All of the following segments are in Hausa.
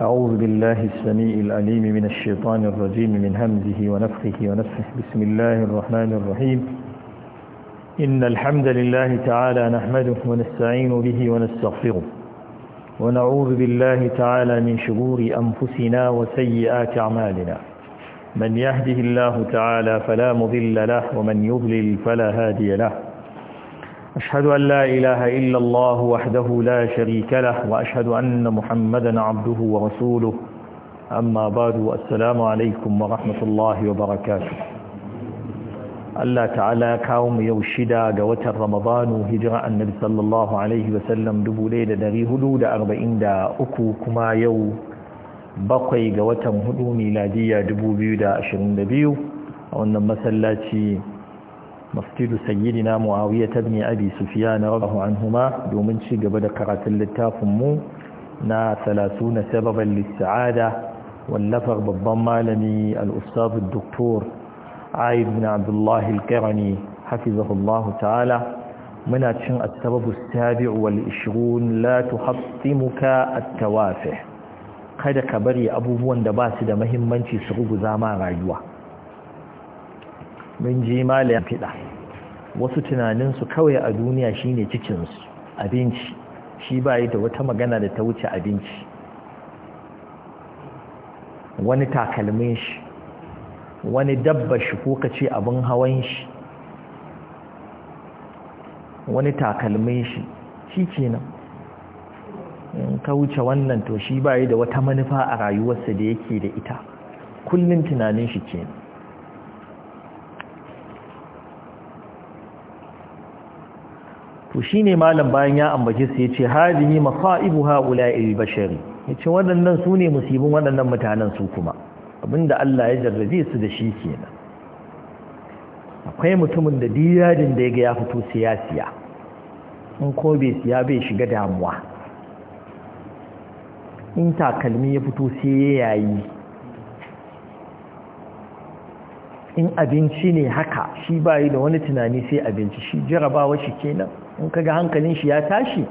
أعوذ بالله السميع الأليم من الشيطان الرجيم من همزه ونفخه ونفخه بسم الله الرحمن الرحيم إن الحمد لله تعالى نحمده ونستعين به ونستغفره ونعوذ بالله تعالى من شرور أنفسنا وسيئات أعمالنا من يهده الله تعالى فلا مضل له ومن يضلل فلا هادي له أشهد أن لا إله إلا الله وحده لا شريك له وأشهد أن محمدا عبده ورسوله أما بعد السلام عليكم ورحمة الله وبركاته Allah ta'ala kawo mu yau shida ga watan Ramadanu hijira annabi sallallahu alaihi wa sallam 1443 kuma yau bakwai ga watan hudu miladiya 2022 a wannan masallaci masjidu sayyidina muawiya ibn abi sufyan radiyallahu anhuma domin ci gaba da karatun littafin mu na 30 sababan lis'ada wallafar babban malami al-ustad doktor aid bin abdullah al-karani hafizahullahu ta'ala muna cin at-sababu as-sabi'u wal-20 la tuhattimuka at-tawafih kada ka bari abubuwan da ba su da mahimmanci su ruguza ma rayuwa mun ji malayan fiɗa wasu tunaninsu kawai a duniya shine cikinsu abinci shi ba yi da wata magana da ta wuce abinci wani takalmin shi wani dabba shi ko ka ce abin hawan shi wani takalmin shi shi nan in ka wuce wannan to shi ba yi da wata manufa a rayuwarsa da yake da ita kullum tunanin shi kenan to ne malam bayan ya ambaci su ya yace hadihi masaibu haula'il bashari ce waɗannan su ne musibin waɗannan mutanen su kuma abinda Allah ya jarrabe su da shi kenan akwai mutumin da diyadin da ya ga ya fito siyasiya in ko bai siya bai shiga damuwa in takalmi ya fito sai ya yayi in abinci ne haka shi bayi da wani tunani sai abinci shi jarabawa shi kenan in ga hankalin shi ya tashi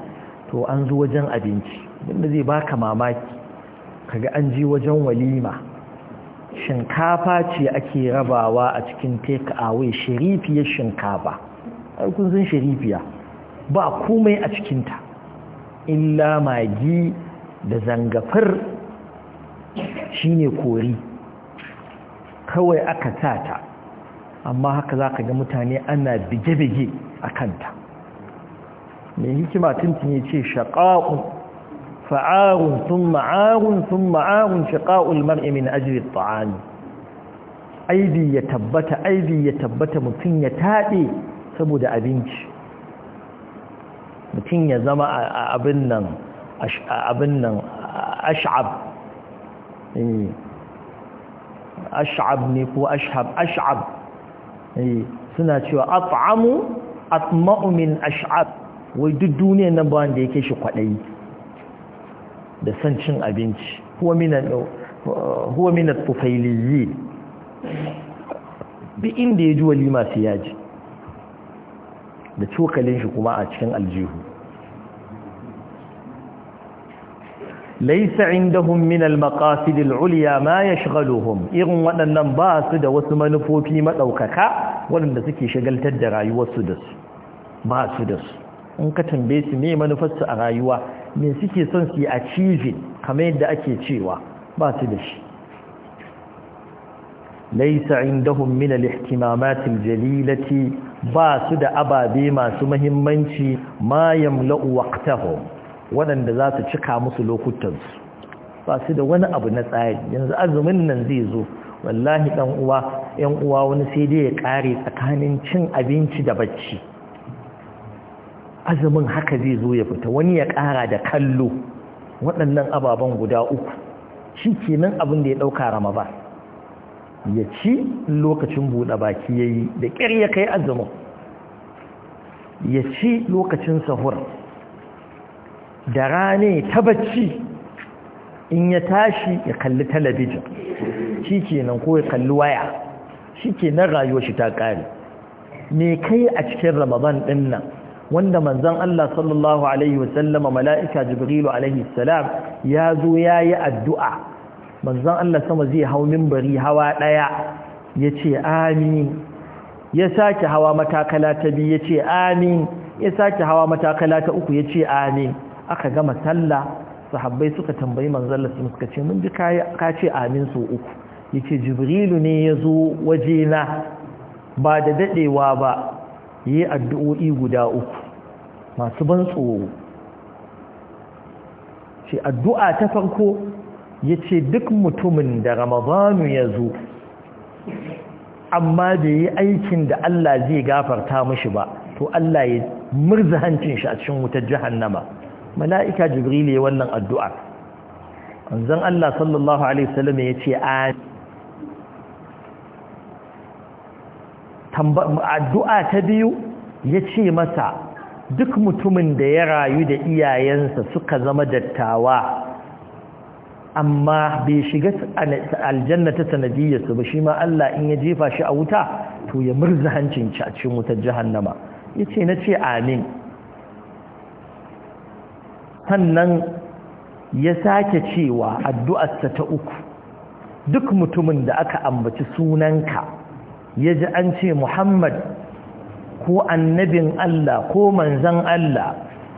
to an zo wajen abinci inda zai baka mamaki kaga an ji wajen walima shinkafa ce ake rabawa a cikin take away shirifiyar shinkafa kun san shirifiya ba komai a cikin ta illa magi da zangafar shine kori kawai aka tata amma haka za ka ga mutane ana bige-bige a kanta mai hikima tuntun ya ce shaƙa'u fa'arun sun ma'arun sun ma'arun shaƙa'ul mar'i min ajiyar ta'ani aibi ya tabbata aibi ya tabbata mutum ya taɗe saboda abinci mutum ya zama abin nan abin nan ash'ab eh. ash'ab ne ko ash'ab ash'ab eh. suna cewa at'amu atma'u min ash'ab wai duk duniyan nan ba wanda yake shi kwaɗayi da son cin abinci huwa minat tufailiyyi bi inda ya ji walima sai ya da cokalin shi kuma a cikin aljihu laisa indahum min al-maqasid al-ulya ma yashghaluhum irin waɗannan ba su da wasu manufofi madaukaka waɗanda suke shagaltar da rayuwarsu da su ba su da su in ka tambaye su me manufarsu a rayuwa me suke son su yi achieving kamar yadda ake cewa ba su da shi laisa indahum min al-ihtimamat al-jalilati ba su da ababe masu muhimmanci ma yamla'u waqtahum wadanda za su cika musu lokutansu ba su da wani abu na tsari yanzu azumin nan zai zo wallahi dan uwa yan uwa wani sai dai ya kare tsakanin cin abinci da bacci azumin haka zai zo ya fita wani ya ƙara da kallo waɗannan ababen guda uku shi kenan abin da ya ɗauka ramadan ya ci lokacin buɗe baki ya yi da ƙyar ya kai azumin ya ci lokacin sahur da rane ta bacci in ya tashi ya kalli talabijin shi kenan ko ya kalli waya shi kenan rayuwar shi ta ƙare me kai a cikin ramadan ɗin nan wanda manzan Allah sallallahu alaihi wasallam mala'ika jibrilu alaihi salam ya zo yayi addu'a manzan Allah sama zai hau minbari hawa ɗaya ya ce amin ya sake hawa matakala ta biyu ya ce amin ya sake hawa matakala ta uku ya ce amin aka gama sallah sahabbai suka tambayi manzon Allah suka ce mun ji ka ce amin so uku yace jibrilu ne ya zo wajena ba da dadewa ba yi addu'o'i guda uku masu ban tsoro ce addu'a ta farko ya ce duk mutumin da ramadanu ya zo amma da yi aikin da Allah zai gafarta mashi ba to Allah ya murza hancin shi a cikin wutar jahannama mala'ika jibril ya wannan addu'a anzan Allah sallallahu alaihi wasallam ya ce a addu'a ta biyu ya ce masa duk mutumin da ya rayu da iyayensa suka zama dattawa amma bai shiga aljanna ta sanadiyyarsu ba shi ma Allah in ya jefa shi a wuta to ya murza hancin ci a cikin wutar jahannama ya ce na ce amin sannan ya sake cewa addu'arsa ta uku duk mutumin da aka ambaci sunanka ya ji an ce muhammad ko annabin Allah ko manzan Allah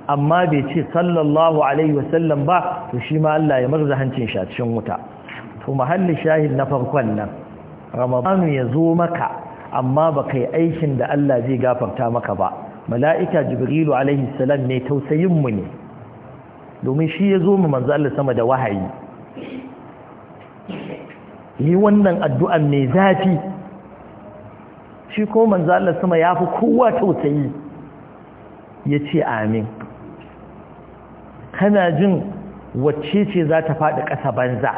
amma bai ce sallallahu alaihi wasallam ba to shi ma Allah ya marza hancin shacin wuta to mahalli shahid na farkon nan ramadan ya zo maka amma ba kai aikin da Allah zai gafarta maka ba mala'ika jibrilu alaihi salam ne tausayin mu ne domin shi ya zo mu manzo Allah sama da wahayi yi wannan addu'an mai zafi shi ko manzo Allah sama ya fi kowa tausayi ya ce amin kana jin wacce ce za ta faɗi ƙasa banza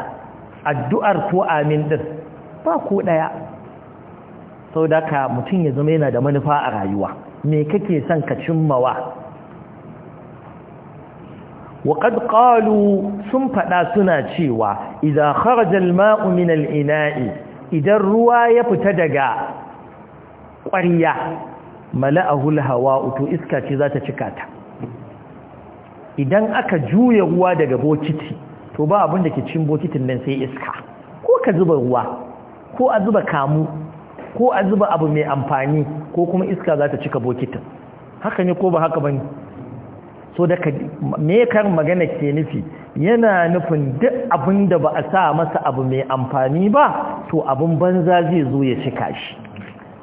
addu'ar ko amin ɗin ba ko ɗaya sau da ka mutum ya zama yana da manufa a rayuwa me kake son ka cimmawa waƙad ƙalu sun faɗa suna cewa idan kharajar ma'u min al-ina'i idan ruwa ya fita daga ƙwariya mala'ahu hawa uto iska ce za ta cika ta idan aka juya ruwa daga bokiti to ba abin da ke cin bokitin nan sai iska ko ka zuba ruwa ko a zuba kamu ko a zuba abu mai amfani ko kuma iska za ta cika bokitin haka ne ko ba haka bane so da me kan magana ke nufi yana nufin duk abin da ba a sa masa abu mai amfani ba to abin banza zai zo ya cika shi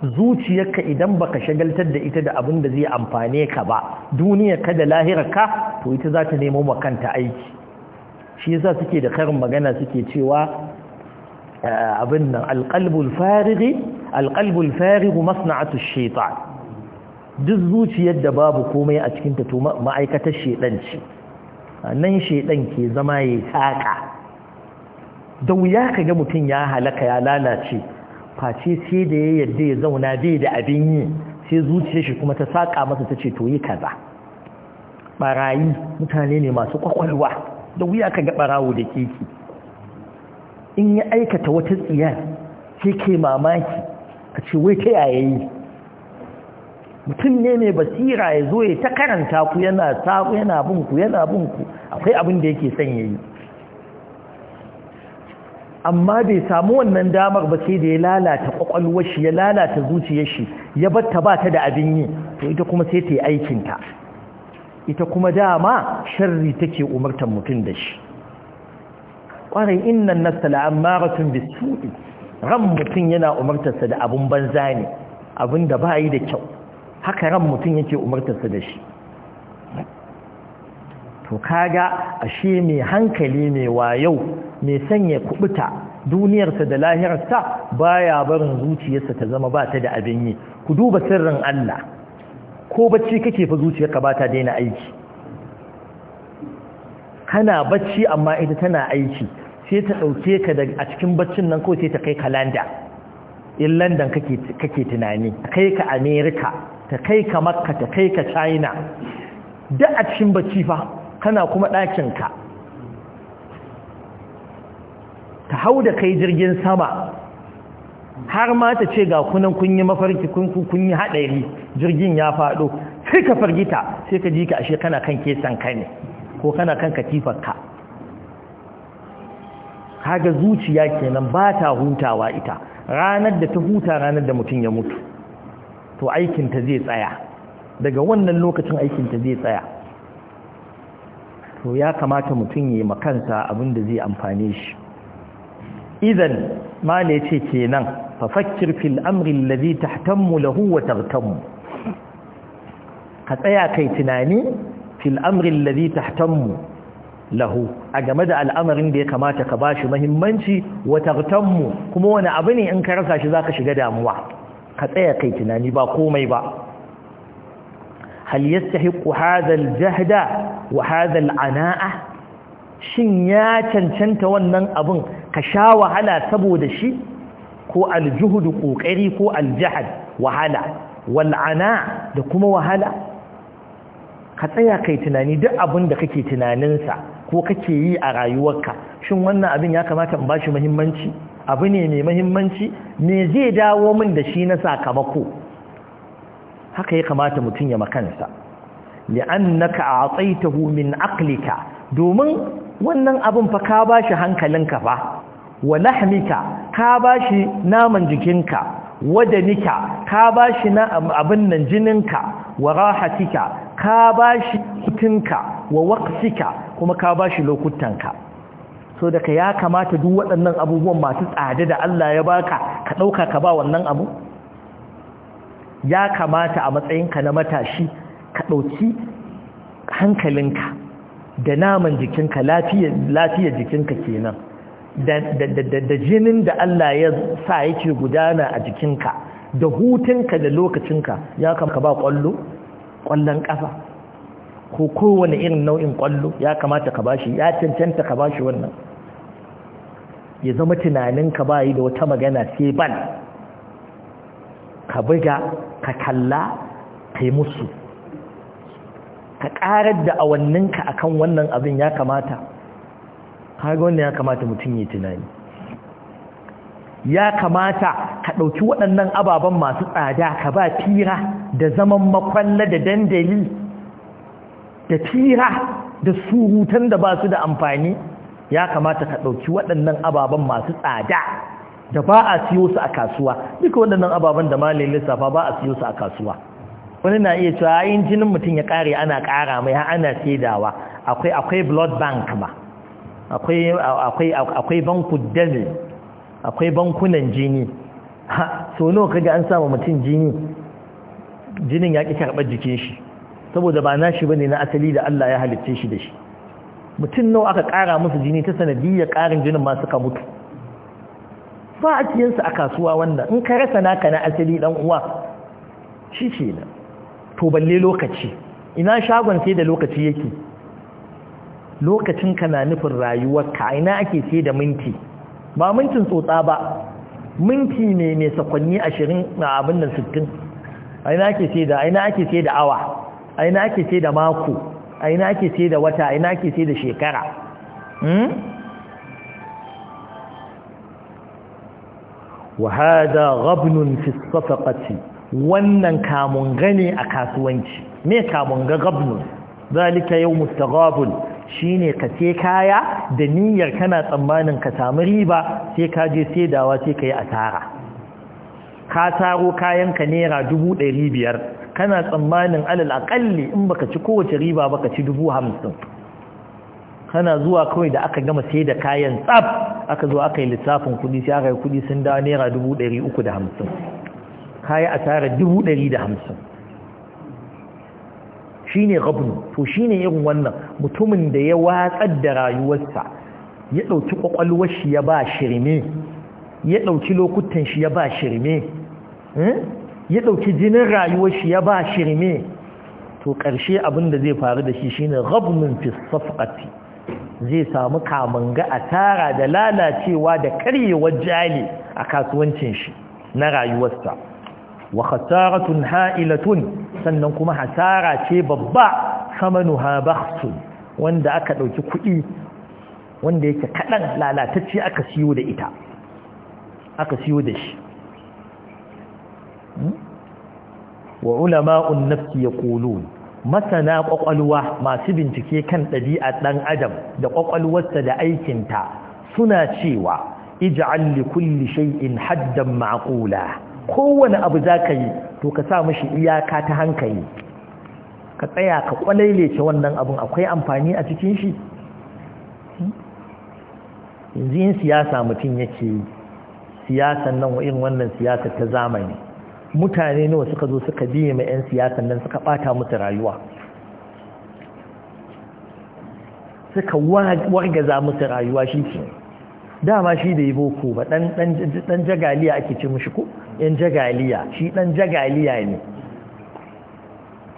zuciyarka idan baka shagaltar da ita da abin da zai amfane ka ba ka da lahirarka to ita za ta nemo makanta aiki shi yasa suke da karin magana suke cewa eh, abin nan Alƙalbul farighi masna'atu shaytan duk zuciyar da babu komai a cikin ta to ma'aikatar shedan ce nan shedan ke zama yi saka da wuya kaga mutum ya halaka ya lalace face sai da ya yadda ya zauna bai da abin yi sai zuciyar shi kuma ta saka masa ta ce to yi kaza barayi mutane ne masu kwakwalwa da wuya ka ga barawo da keke. in ya aikata wata tsiyar sai ke mamaki ka ce wai ta yaya yi mutum ne mai basira ya zo ya ta karanta ku yana sabu yana bin yana bin ku akwai abin da yake son yayi amma bai samu wannan damar ba sai da ya lalata kwakwalwar shi ya lalata zuciyar shi ya batta ba ta da abin yi to ita kuma sai ta yi aikinta ita kuma dama sharri take umartar mutum da shi ƙwarai innan nasta la'ammaratun bisu'i ran mutum yana umartarsa da abun banza ne abin da ba yi da kyau haka ran mutum yake umartarsa da shi to kaga ashe mai hankali mai wayo mai sanya kubuta duniyarsa da lahirarsa ba ya barin zuciyarsa ta zama ba ta da abin yi ku duba sirrin Allah ko bacci kake fa zuciyarka ba ta daina aiki kana bacci amma ita tana aiki sai ta ɗauke ka a cikin baccin nan ko sai ta kai ka landa in landan kake tunani kai ka america ta kai ka makka ta kai ka china da a cikin bacci fa kana kuma ɗakinka ta hau da kai jirgin sama har ma ta ce ga kunan kun yi mafarki kun yi haɗari jirgin ya faɗo sai ka fargita sai ka ji ka ashe kana kan kesan ka ne ko kana kan katifarka kaga zuciya kenan ba ta hutawa ita ranar da ta huta ranar da mutum ya mutu to aikinta zai tsaya daga wannan lokacin aikinta zai tsaya to ya kamata mutum yi makansa abin da zai amfane shi idan ma ne ce kenan fa fakkir fil amri allazi lahu wa ka tsaya kai tunani fil amri allazi tahtammu lahu a game da al'amarin da ya kamata ka bashi muhimmanci wa kuma wani abu ne in ka rasa shi zaka shiga damuwa ka tsaya kai tunani ba komai ba hal yastahiqu hadha al-jahda wa shin ya cancanta wannan abun ka sha wahala saboda shi ko al-juhd kokari ko aljahad wahala wal'ana da kuma wahala ka tsaya kai tunani duk abin da kake tunaninsa ko kake yi a rayuwarka shin wannan abin ya kamata in bashi muhimmanci abu ne mai muhimmanci me zai dawo min da shi na sakamako haka ya kamata mutum ya makansa li'annaka a'taytahu min aqlika domin wannan abin fa ka bashi hankalinka fa wa lahmika ka bashi naman jikinka wadanika ka bashi na abin nan jininka wa rahatika ka bashi kutinka wa waqtika kuma ka bashi lokutanka so daga ya kamata duk waɗannan abubuwan masu tsada da Allah ya baka ka dauka ka ba wannan abu ya kamata a matsayinka na matashi ka ɗauki hankalinka da naman jikinka lafiyar jikinka kenan da jinin da Allah ya sa yake gudana a jikinka da hutunka da lokacinka ya kamata ba ƙwallo ƙwallon ƙafa ko kowane irin nau'in ƙwallo ya kamata ka bashi ya cancanta ka bashi wannan ya zama tunaninka ba yi da wata magana sai ban ka buga ka kalla ka yi musu ka ƙarar da awanninka a kan wannan abin ya kamata kaga wannan ya kamata mutum yi tunani ya kamata ka ɗauki waɗannan ababen masu tsada ka ba fira da zaman makwalla da dandali da fira da surutan da ba su da amfani ya kamata ka ɗauki waɗannan ababen masu tsada da ba a siyo su a kasuwa duka waɗannan ababen da malin lissafa ba a siyo su a kasuwa wani na iya cewa yin jinin mutum ya ƙare ana ƙara mai ha ana saidawa akwai akwai blood bank ma akwai akwai akwai akwai bankunan jini ha so nawa kaga an samu mutum jini jinin ya ƙi karɓar jikin shi saboda ba nashi ne na asali da Allah ya halicce shi da shi mutum nawa aka ƙara musu jini ta sanadiyyar ƙarin jinin ma suka mutu ba a siyansa a kasuwa wannan in ka rasa naka na asali dan uwa shi ce na to balle lokaci ina shagon sai da lokaci yake lokacin ka na nufin rayuwarka a ina ake sai da minti ba mintin tsotsa ba minti ne mai sakonni ashirin na abin nan sittin a ina ake sai da a ina ake sai da awa a ina ake sai da mako a ina ake sai da wata a ina ake sai da shekara hmm? Wahada hada ghabnun fi wannan kamun gane a kasuwanci me kamun ga ghabnun zalika yawmut Shi shine ka ce kaya da niyyar kana tsammanin ka samu riba sai ka je sai dawa sai kai asara ka taro kayan ka naira biyar? kana tsammanin alal aƙalli? in baka ci kowace riba baka ci hamsin? kana zuwa kawai da aka gama sai da kayan tsaf aka zo aka yi lissafin kudi sai aka yi kudi sun dawo naira dubu ɗari uku da hamsin asarar dubu ɗari da hamsin shi ne gabnu to shi ne irin wannan mutumin da ya watsar da rayuwarsa ya ɗauki ƙwaƙwalwar shi ya ba shirme ya ɗauki lokutan shi ya ba shirme eh? ya ɗauki jinin rayuwar shi ya ba shirme to ƙarshe abin da zai faru da shi shine gabnun fi safqati zai samu kamanga a tara da lalacewa da karyewar jali a kasuwancin shi na rayuwarsa wa khasaratun ha'ilatun sannan kuma hasara ce babba samanuha bakhsun wanda aka dauki kuɗi wanda yake kaɗan, lalatacce aka siyo da ita aka siyo da shi hmm? wa ulama'un nafsi yaqulun masana ƙwaƙwalwa masu bincike kan ɗabi'a ɗan adam da ƙwaƙwalwarsa da aikinta suna cewa iji alli kulli shay'in haddan ma'qula kowane abu zaka yi to ka sa mishi iyaka ta hankali ka tsaya ka kwalailece wannan abun akwai amfani a cikin shi yanzu yin siyasa mutum yake siyasan nan wa irin wannan siyasa ta zamani mutane nawa suka zo suka biye ma 'yan siyasan nan suka bata musu rayuwa suka wargaza musu rayuwa shi ke dama shi da yi boko ba dan jagaliya ake ce mushi ko yan jagaliya shi dan jagaliya ne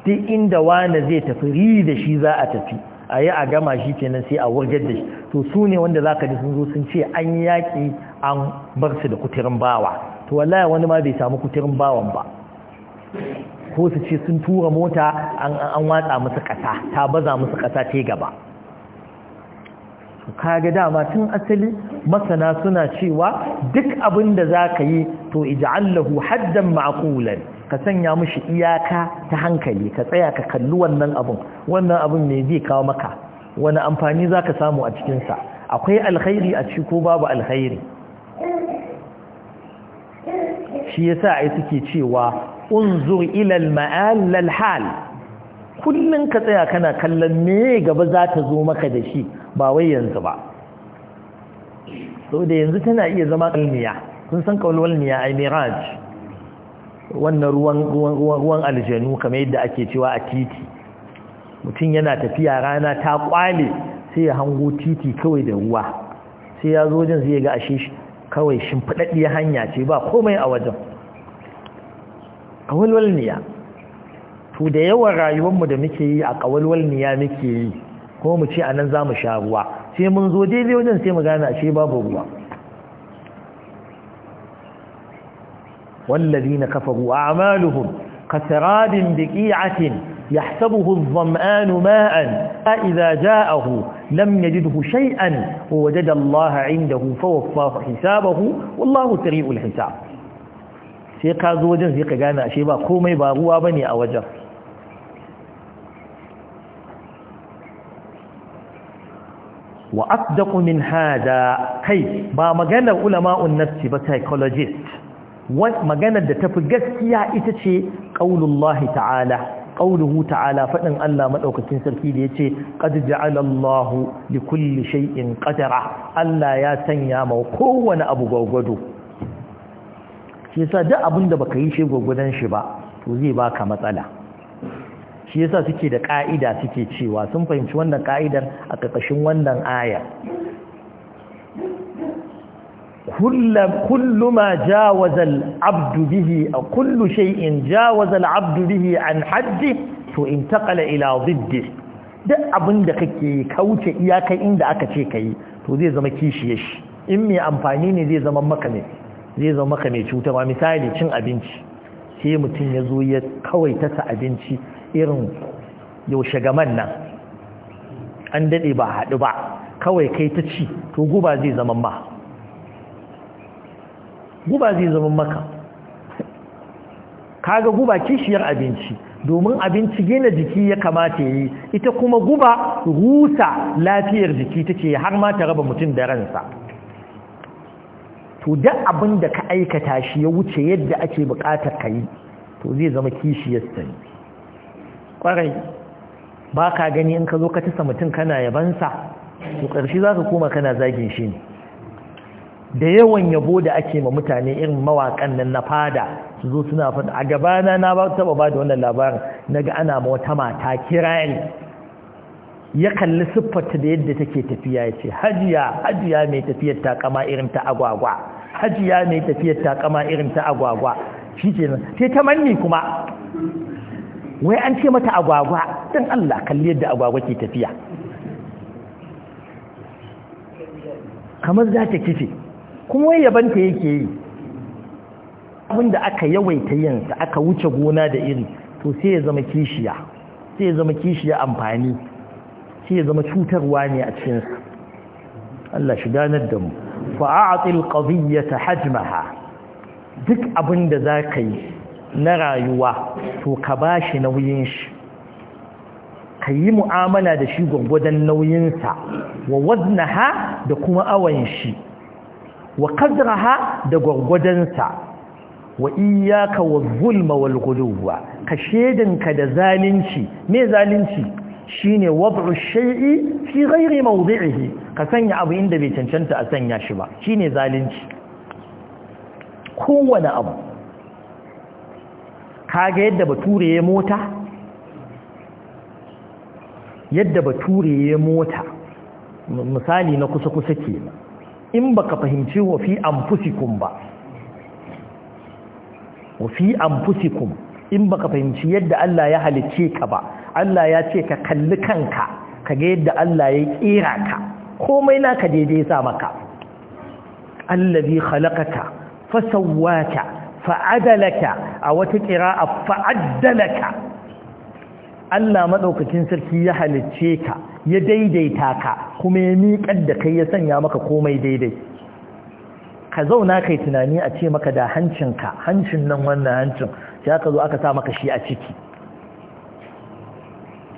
duk inda wani zai tafi ri da shi za a tafi a yi a gama shi nan sai a wargar da shi to su ne wanda za ka ji sun zo sun ce an yaƙi an bar su da kuturin bawa to wallahi wani ma bai samu kuturin bawan ba ko su ce sun tura mota an watsa musu kasa ta baza musu kasa ta gaba kage dama tun asali masana suna cewa duk abin da za ka yi to ij'allahu haddan ma'qulan ka sanya mishi iyaka ta hankali ka tsaya ka kalli wannan abun wannan abun ne zai kawo maka wani amfani zaka samu a cikin sa akwai alkhairi a ciki ko babu alkhairi shi yasa ai suke cewa unzur ilal ma'alal maal lalhal hal kullum ka tsaya kana kallon me gaba za ta zo maka da shi ba wai yanzu ba saboda yanzu tana iya zama kalmiya sun san kalwalmiya a miraj wannan ruwan aljanu kamar yadda ake cewa a titi mutum yana tafiya rana ta kwale sai ya hango titi kawai da ruwa sai ya zo wajen zai ga ashe kawai shimfiɗaɗɗiya hanya ce ba komai a wajen ƙawalwal niya to da yawan rayuwar mu da muke yi a ƙawalwal niya muke yi kuma mu ce a nan za mu sha ruwa sai mun zo dai daidai wajen sai mu gane a ce babu ruwa wallazi na kafa ruwa a maluhun kasaradin biki'atin ya sabuhu zama'anu ma'an ta iza ja'ahu lam yajid hushai'an wajadallaha inda hufawa hisabahu wallahu tari'ul hisab sai ka zo wajen sai ka gane ashe ba komai ba ruwa ba ne a wajen wa asdaqu min hada kai ba maganar ulama'un nafsi ba psychologist maganar da tafi gaskiya ita ce qaulullahi ta'ala qauluhu ta'ala fadin Allah madaukakin sarki da ya ce, ja'ala Allahu li kulli shay'in qadara Allah ya sanya ma kowane abu gwagwado shi yasa duk abin da baka yi shi gwagwadon shi ba to zai baka matsala shi yasa suke da ka'ida suke cewa sun fahimci wannan ka'idar a ƙarƙashin wannan aya kullu ma jawaza al-abdu bihi a kullu shay'in jawaza al bihi an haddi to intaqala ila ziddi duk abinda kake kauce iyakai inda aka ce kai to zai zama kishiyar shi in mai amfani ne zai zama maka ne zai zama maka mai cuta ba misali cin abinci sai mutum ya zo ya kawai tasa abinci irin yaushe gaman nan an daɗe ba haɗu ba kawai kai ta ci to guba zai zama ma guba zai zama maka kaga guba kishiyar abinci domin abinci gina jiki ya kamata yi ita kuma guba rusa lafiyar jiki take har ma ta raba mutum da ransa to duk abin da ka aikata shi ya wuce yadda ake bukatar ka yi to zai zama kishiyar sani kwarai ba ka gani in ka zo ka tisa mutum kana yabansa to ƙarshe za ka koma kana zagin shi ne da yawan yabo da ake ma mutane irin mawaƙan nan na fada su zo suna fada a gabana na taɓa ba da wannan labarin na ga ana ma wata mata kirari ya kalli siffarta da yadda take tafiya ya ce hajiya hajiya mai tafiyar kama irin ta agwagwa hajiya mai tafiyar kama irin ta agwagwa shi ce nan sai ta manni kuma wai an ce mata agwagwa don Allah kalli yadda agwagwa ke tafiya kamar za ta kife kuma wai ta yake yi da aka yawaita yinsa aka wuce gona da iri to sai ya zama kishiya sai ya zama kishiya amfani sai ya zama cutarwa ne a cikinsa Allah shi ganar da mu fa'a'atil qadiyyata hajmaha duk abin da zaka yi na rayuwa to ka bashi nauyin shi ka yi mu'amala da shi gwargwadon nauyinsa wa waznaha da kuma awan shi wa qadraha da gwargwadonsa wa iyyaka wa zulma wal-ghuluwa ka shedinka da zalunci me zalunci shine wad'u shay'i fi ghairi mawdi'ihi ka sanya abu inda bai cancanta a sanya shi ba shine zalunci kowane abu ga yadda bature ya mota yadda bature ya mota misali na kusa-kusa ke in baka fahimci wa fi anfusikum ba wa fi anfusikum in baka fahimci yadda Allah ya halicce ka ba Allah ya ce ka kalli kanka ka ga yadda Allah ya kira ka komai naka daidai sa maka allazi khalaqaka fa adalaka a wata qira'a fa'addalaka Allah madaukakin sarki ya halicce ka ya daidaita ka kuma ya miƙar da kai ya sanya maka komai daidai ka zauna kai tunani a ce maka da hancinka hancin nan wannan hancin sai aka zo aka sa maka shi a ciki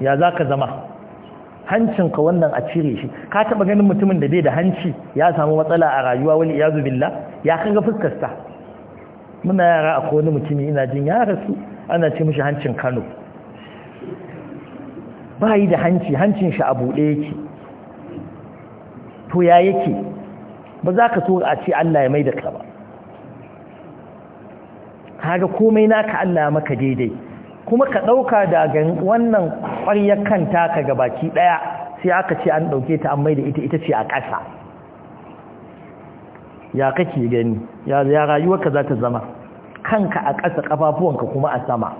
ya za ka zama hancinka wannan a cire shi ka taba ganin mutumin da bai da hanci ya samu matsala a rayuwa wani iyazu billah ya kaga fuskarsa muna yara akwai wani mutumi ina jin ya rasu ana ce mishi hancin Kano ba yi da hanci hancin shi a buɗe yake to ya yake ba za ka so a ce Allah ya mai da ka kaga komai naka Allah maka daidai kuma ka ɗauka daga wannan ƙwaryar kanta ka gabaki ɗaya sai aka ce an ɗauke ta an mai da ita ita ce a ƙasa ya kake gani ya rayuwarka za ta zama kanka a ƙasa ka kuma a sama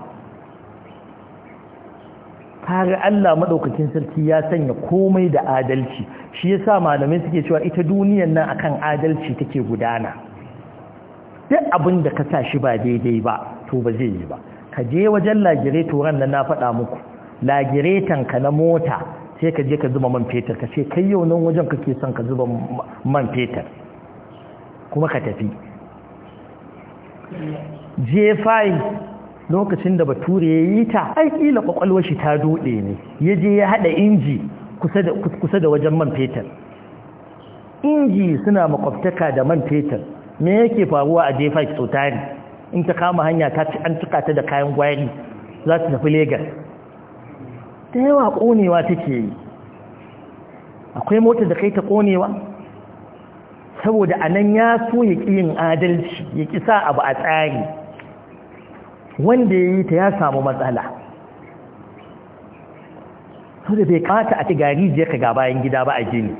kaga Allah madaukakin sarki ya sanya komai da adalci shi yasa malamai suke cewa ita duniyar nan akan adalci take gudana duk abin da ka sa shi ba daidai ba to ba zai yi ba ka je wajen lagireto ran nan na faɗa muku lagiretan ka na mota sai ka je ka zuba man fetur ka ce kai yau nan wajen kake son ka zuba man fetur kuma ka tafi je fai lokacin da bature ya yi ta ai kila kwakwalwar shi ta dode ne ya je ya hada inji kusa da wajen man fetur inji suna makwabtaka da man fetur me yake faruwa a j5 so in ta kama hanya ta ci an tuka ta da kayan gwari za su tafi legas ta yawa konewa take yi akwai mota da kai ta konewa saboda anan ya so ya ƙi yin adalci ya ƙi sa abu a tsari wanda ya yi ta ya samu matsala saboda bai kata a ta gari je ka ga bayan gida ba a gini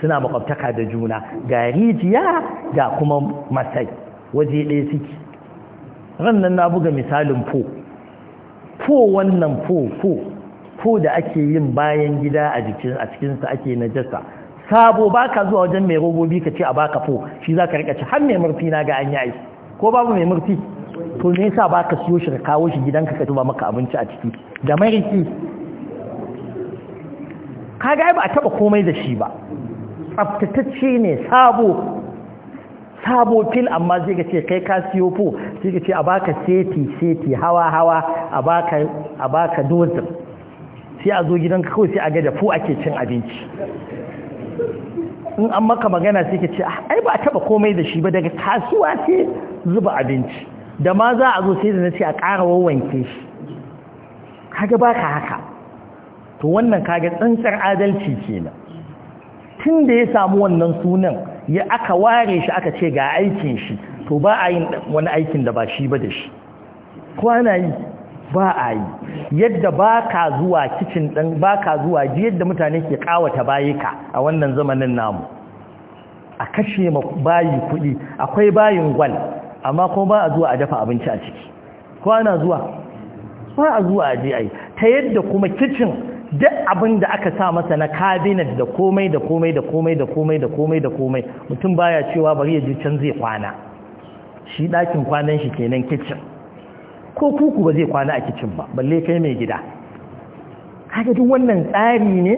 suna makwabtaka da juna ga rijiya ga kuma masai waje ɗaya suke rannan na buga misalin fo fo wannan fo fo fo da ake yin bayan gida a jikin a cikinsa ake najasa sabo baka zuwa wajen mai robobi ka ce a baka fo shi za ka rika ci har mai murfi na ga an yi ko babu mai murfi to me yasa baka siyo shi ka kawo shi gidanka ka tuba maka abinci a ciki da mariki kaga ba a taba komai da shi ba tsaftatacce ne sabo sabo fil amma zai ga ce kai ka siyo fo zai ga ce a baka seti seti hawa hawa a baka a baka dozin sai a zo gidanka kawai sai a ga da fo ake cin abinci in an maka magana sai ka ce ah, ai ba a taba komai da shi ba daga kasuwa sai zuba abinci da ma za a zo sai da na ce a ƙara wawanke shi kaga baka haka to wannan kaga tsantsar adalci kenan tun da ya samu wannan sunan ya aka ware shi aka ce ga aikin shi to ba a yin wani aikin da ba shi ba da shi kwana yi ba a yi yadda ba ka zuwa kicin ɗan ba ka zuwa ji yadda mutane ke kawata bayika a wannan zamanin namu a kashe bayi kuɗi akwai bayin gwal amma kuma ba a zuwa a dafa abinci a ciki kwana zuwa ba a zuwa a je a ta yadda kuma kicin duk abin da aka sa masa na cabinet da komai da komai da komai da komai da komai da komai mutum baya cewa bari ya ji can zai kwana shi dakin kwanan shi kenan kitchen ko kuku ba zai kwana a kitchen ba balle kai mai gida kaga duk wannan tsari ne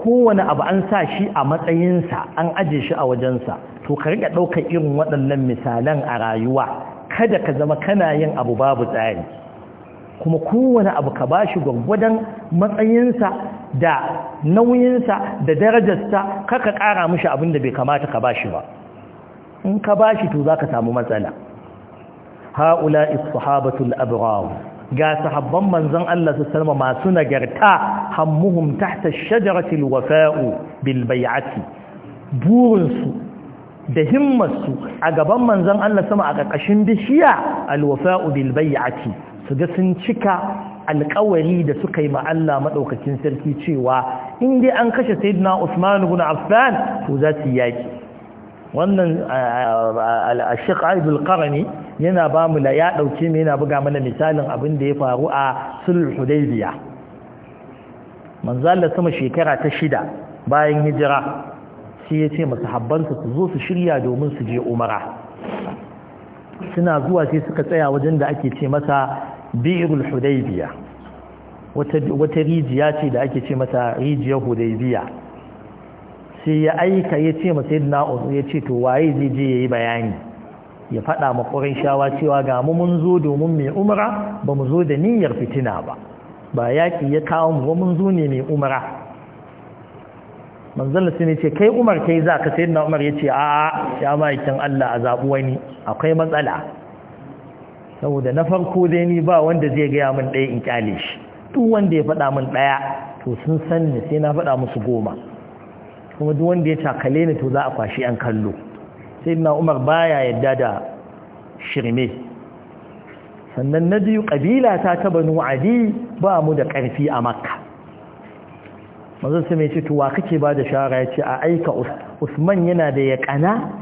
kowane abu an sa shi a matsayinsa an aje shi a wajensa to ka riƙa ɗaukar irin waɗannan misalan a rayuwa kada ka zama kana yin abu babu tsari kuma kowane abu ka bashi gwaggwadon matsayinsa da nauyinsa da darajarsa kaka kara mishi abin da bai kamata ka ba shi ba in ka bashi to zaka samu matsala haula as-sahabatul abrar ga sahabban manzon Allah sallallahu alaihi masu nagarta hammuhum tahta ash wafa'u bil bay'ati burinsu da himmarsu a gaban manzon Allah sama a ƙarƙashin bishiya alwafa'u bil bay'ati su ga sun cika alkawari da suka yi Allah maɗaukakin sarki cewa inda an kashe saidina Usman guna afghan to za su yaƙi wannan al'ashik aibul Abdul yana ba mu la ya ɗauke mai yana buga mana misalin abin da ya faru a Sulh manzala sama shekara ta shida bayan hijira sai ya ce masahabbansa su zo su shirya domin su je umara suna zuwa sai suka tsaya wajen da ake ce masa birul Hudaibiya wata rijiya ce da ake ce mata rijiyar Hudaibiya sai ya aika ya ce masa yadda na'udu ya ce to waye zai je ya yi bayani ya faɗa makwarin shawa cewa ga mu mun zo domin mai umara ba mu zo da niyyar fitina ba ba yaƙi ya kawo mu mun zo ne mai umara manzala sun ce kai umar kai za ka sayi umar ya ce a ya ma'aikin allah a zaɓi wani akwai matsala saboda na farko dai ni ba wanda zai gaya min ɗaya in kyale shi duk wanda ya faɗa min ɗaya to sun san ni sai na faɗa musu goma kuma duk wanda ya cakale ni to za a kwashi yan kallo sai na umar baya yadda da shirme sannan na biyu ƙabila ta ta banu adi ba mu da ƙarfi a makka mazan su mai ce tuwa kake ba da shara ya ce a aika usman yana da yaƙana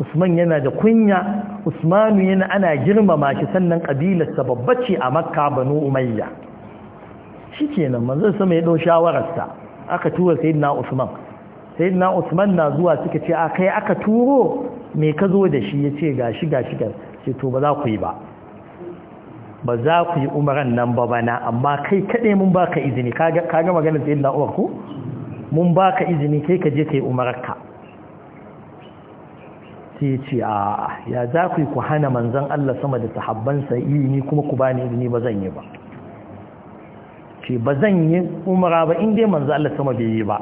usman yana da kunya usmanu yana ana girmama shi sannan kabilarsa babba ce a makka banu umayya shi kenan manzon sama ya ɗau shawararsa aka tura sayyidina usman sayyidina usman na zuwa suka ce a kai aka turo me ka zo da shi ya ce ga shi ga ce to ba za ku yi ba ba za ku yi umaran nan ba bana amma kai kaɗai mun baka izini ka ga maganar sayyidina umar ku mun baka izini kai ka je kai umararka sai ya ce a ya za ku ku hana manzan Allah sama da sahabbansa yi ni kuma ku bani ilimi ba zan yi ba ce ba zan yi umara ba inda manzan Allah sama bai yi ba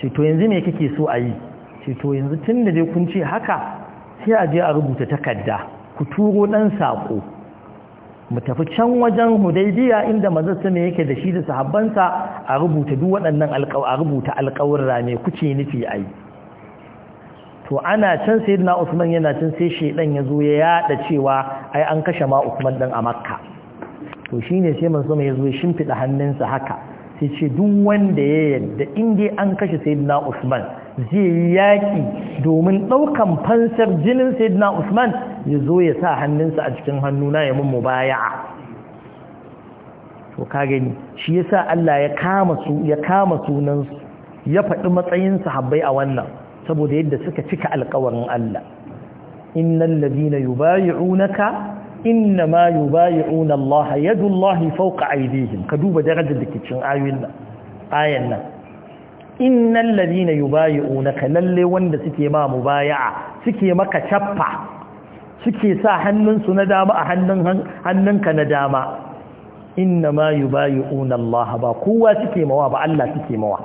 ce to yanzu me kake so a yi ce to yanzu tun da dai kun ce haka sai a je a rubuta takarda ku turo ɗan saƙo mu tafi can wajen hudaidiya inda mazan sama yake da shi da sahabbansa a rubuta duk waɗannan alƙawar kuce nufi yi to ana can sayyidina Usman yana can sai shedan ya zo ya yada cewa ai an kashe ma Usman dan a Makka to shine sai manzo mai zo ya shimfida hannunsa haka sai ce duk wanda ya yadda in an kashe sayyidina Usman zai yi yaki domin daukan fansar jinin sayyidina Usman ya zo ya sa hannunsa a cikin hannuna ya mun mubaya'a to ka gani shi yasa Allah ya kama su ya kama sunan ya faɗi matsayin sahabbai a wannan saboda yadda suka cika alkawarin Allah innal ladina yubayi'unaka innama yubayi'una Allah yadullahi fawqa aydihim ka duba darajar da cikin ayoyin nan ayan nan innal ladina yubayi'unaka lalle wanda suke ma mubaya'a suke maka chaffa suke sa hannunsu na dama a hannun hannunka na dama innama yubayi'una Allah ba kowa suke mawa ba Allah suke mawa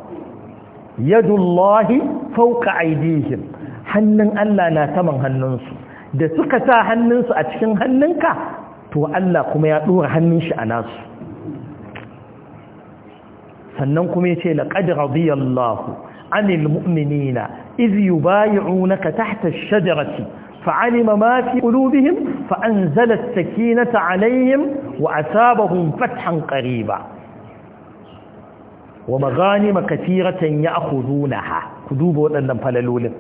yadullahi fauka aidihim hannun Allah na saman hannunsu da suka sa hannunsu a cikin hannunka to Allah kuma ya dora hannun shi a nasu sannan kuma yace laqad radiyallahu anil mu'minina iz yubay'unaka tahta ash-shajarati فعلم ما Wa قلوبهم فأنزل wa عليهم وأثابهم فتحا ya ومغانم كثيرة يأخذونها ku duba waɗannan falalolin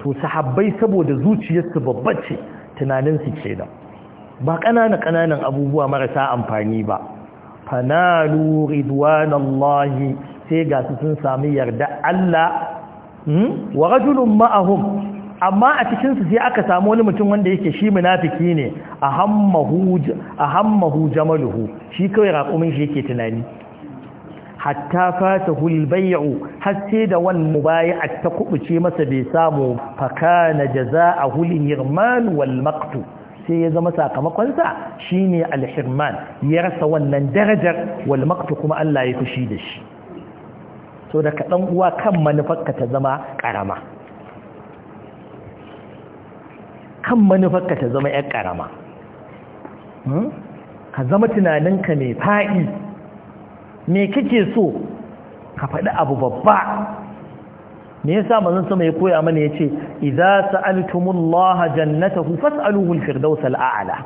to sahabbai saboda zuciyarsu babba ce tunaninsu ke nan ba ƙananan ƙananan abubuwa marasa amfani ba fanalu allahi sai ga su sun sami yarda Allah hmm, wa rajulun ma'ahum amma a cikinsu sai aka samu wani mutum wanda yake shi munafiki ne ahammahu ahammahu jamaluhu shi kawai raƙumin shi yake tunani hatta fatahu al har sai da wan mubay'at ta kubuce masa bai samu fakana jaza a hulin Yirman sai ya zama sakamakonsa, sa shine Alhirman hirman ya rasa wannan darajar wal kuma Allah ya fushi da shi so da kadan uwa kan manufarka ta zama karama kan manufarka ta zama yar karama hmm? ka zama tunaninka mai fa'i me kake so ka faɗi abu babba me yasa manzon sama ya koya mana yace idza sa'altumullaha jannatahu fas'aluhu al-firdaws al-a'la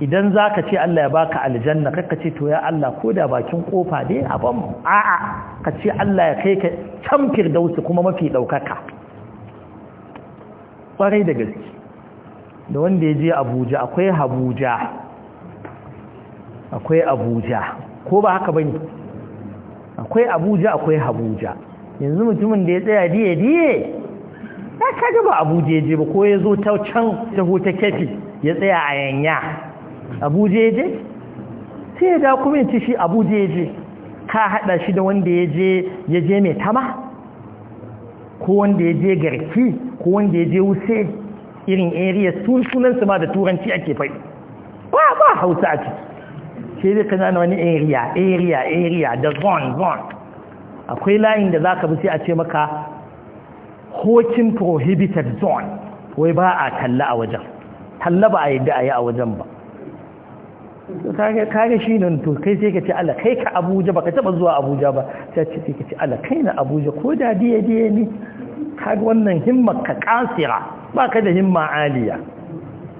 idan zaka ce Allah ya baka aljanna ka ce to ya Allah da bakin kofa dai a ban a'a ka ce Allah ya kai ka can firdaus kuma mafi daukaka kwarai da gaske da wanda ya je Abuja akwai Abuja akwai Abuja ko ba haka bane akwai abuja akwai habuja yanzu mutumin da ya tsaya diye diye ya kaga ba abuja ya je ba ko ya zo ta can ta hoto kefi ya tsaya a yanya abuja ya je sai ya da kuma ya shi abuja ya je ka haɗa shi da wanda ya je ya je mai tama ko wanda ya je garki ko wanda ya je wuse irin area sun sunansu ma da turanci ake faɗi ba ba hausa a ciki sai dai kana wani area area area da zone zone akwai layin da zaka bi sai a ce maka hokin prohibited zone wai ba a talla a wajen talla ba a yadda a yi a wajen ba kare shi nan to kai sai ka ce ala kai ka abuja ba ka taba zuwa abuja ba sai ka ce ala kai na abuja ko da diya diya ne kaga wannan himma ka kasira ba ka da himma aliya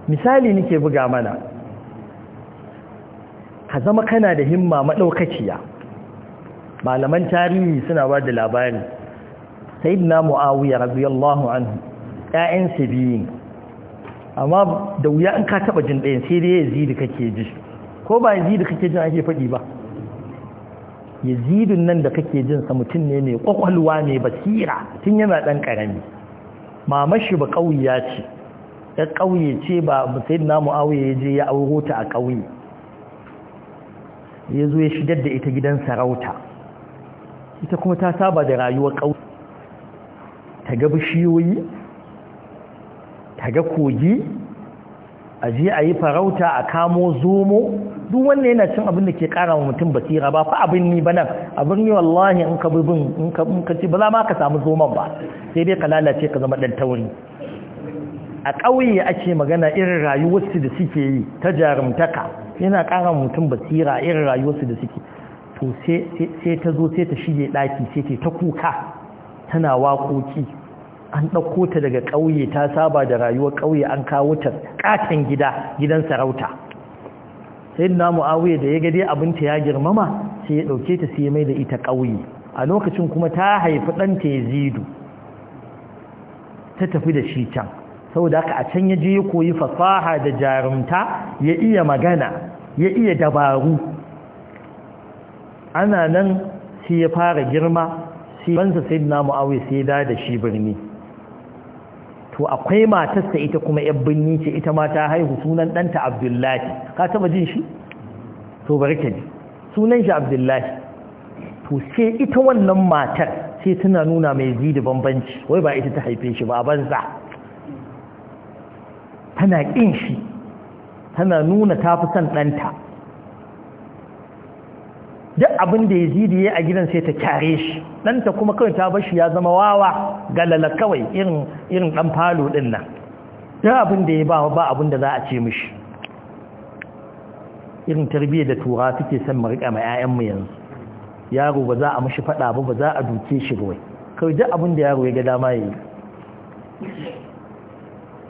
misali nake buga mana ka zama kana da himma maɗaukaciya malaman tarihi suna ba da labari sayyidina mu'awiya radiyallahu anhu ƴaƴan biyu amma da wuya in ka taba jin ɗayan sai dai yazidi kake ji ko ba yazidi kake jin ake faɗi ba yazidin nan da kake jin sa mutum ne mai kwakwalwa ne basira tun yana ɗan ƙarami shi ba ƙauya ce ya ƙauye ce ba sayyidina mu'awiya ya je ya auro ta a ƙauye ya zo ya shigar da ita gidan sarauta ita kuma ta saba da rayuwar ƙau ta ga bishiyoyi ta ga kogi a je a yi farauta a kamo zomo duk wanne yana cin abin da ke kara wa mutum basira ba fa abin ni ba nan abin ni wallahi in ka bi bin in ka ci ba za ma ka samu zoman ba sai dai ka lalace ka zama ɗan tauri a ƙauye ake magana irin rayuwarsu da suke yi ta jarumtaka yana ƙara mutum basira irin rayuwarsu da suke to sai ta zo sai ta shige ɗaki sai ta ta kuka tana waƙoƙi an ɗauko ta daga ƙauye ta saba da rayuwar ƙauye an kawo ta ƙaton gida gidan sarauta sai na mu'awiyar da ya ga dai abinta ya girmama sai ya ɗauke ta sai mai da ita ƙauye a lokacin kuma ta haifi ɗanta ya zidu ta tafi da shi can saboda haka a can ya je ya koyi fasaha da jarumta ya iya magana ya iya dabaru ana nan sai ya fara girma sai bansa sai na mu'awai sai da da shi birni to akwai matarsa ita kuma yan birni ce ita ma ta haihu sunan ɗanta abdullahi ka taba jin shi to barka ji sunan shi abdullahi to sai ita wannan matar sai tana nuna mai ji da bambanci wai ba ita ta haife shi ba a banza tana ƙin shi tana nuna tafi son ɗanta duk abin da yazidi ya a gidan sai ta kyare shi ɗanta kuma kawai ta bashi ya zama wawa galala kawai irin ɗan falo ɗin nan duk abin da ya ba ba abin da za a ce mishi irin tarbiyyar da tura suke son marika ma 'ya'yanmu yanzu yaro ba za a mashi faɗa ba ba za a duke shi ba kawai duk abin da yaro ya ga dama ya yi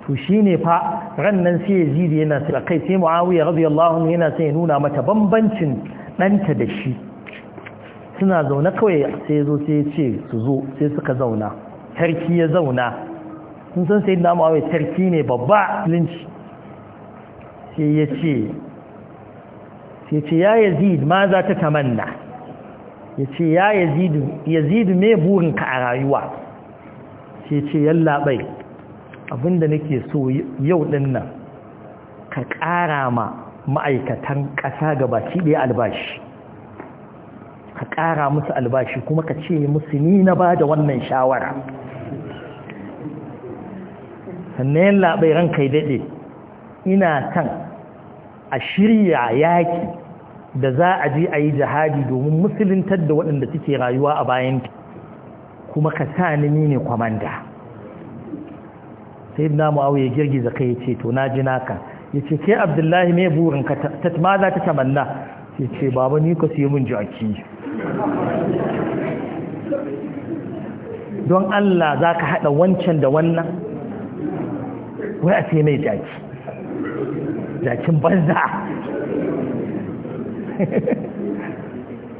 to shi ne fa rannan sai yazid yana sai kai sai muawiya radiyallahu anhu yana sai nuna mata bambancin danta da shi suna zaune kawai sai yazo sai ya ce su zo sai suka zauna sarki ya zauna sun san sai da muawiya sarki ne babba linci sai ya ce sai ce ya yazid ma za ta tamanna ya ce ya yazid yazid me burinka a rayuwa sai ce yallaɓai Abin da nake so yau dinnan ka ƙara ma ma'aikatan ƙasa ga shi ɗaya albashi ka ƙara musu albashi kuma ka ce musu ni na ba da wannan shawara sannan yin labai ranka daɗe ina kan a shirya yaƙi da za a je a yi jihadi domin musuluntar da waɗanda suke rayuwa a bayanta kuma ka sa ni ne kwamanda sai ibna mu'awiya girgiza kai yace to na ji naka yace ke abdullahi me burin ka ta ma za ta tamanna yace baba ni ko sai mun jaki don Allah za ka haɗa wancan da wannan wai a sai mai jaki jakin banza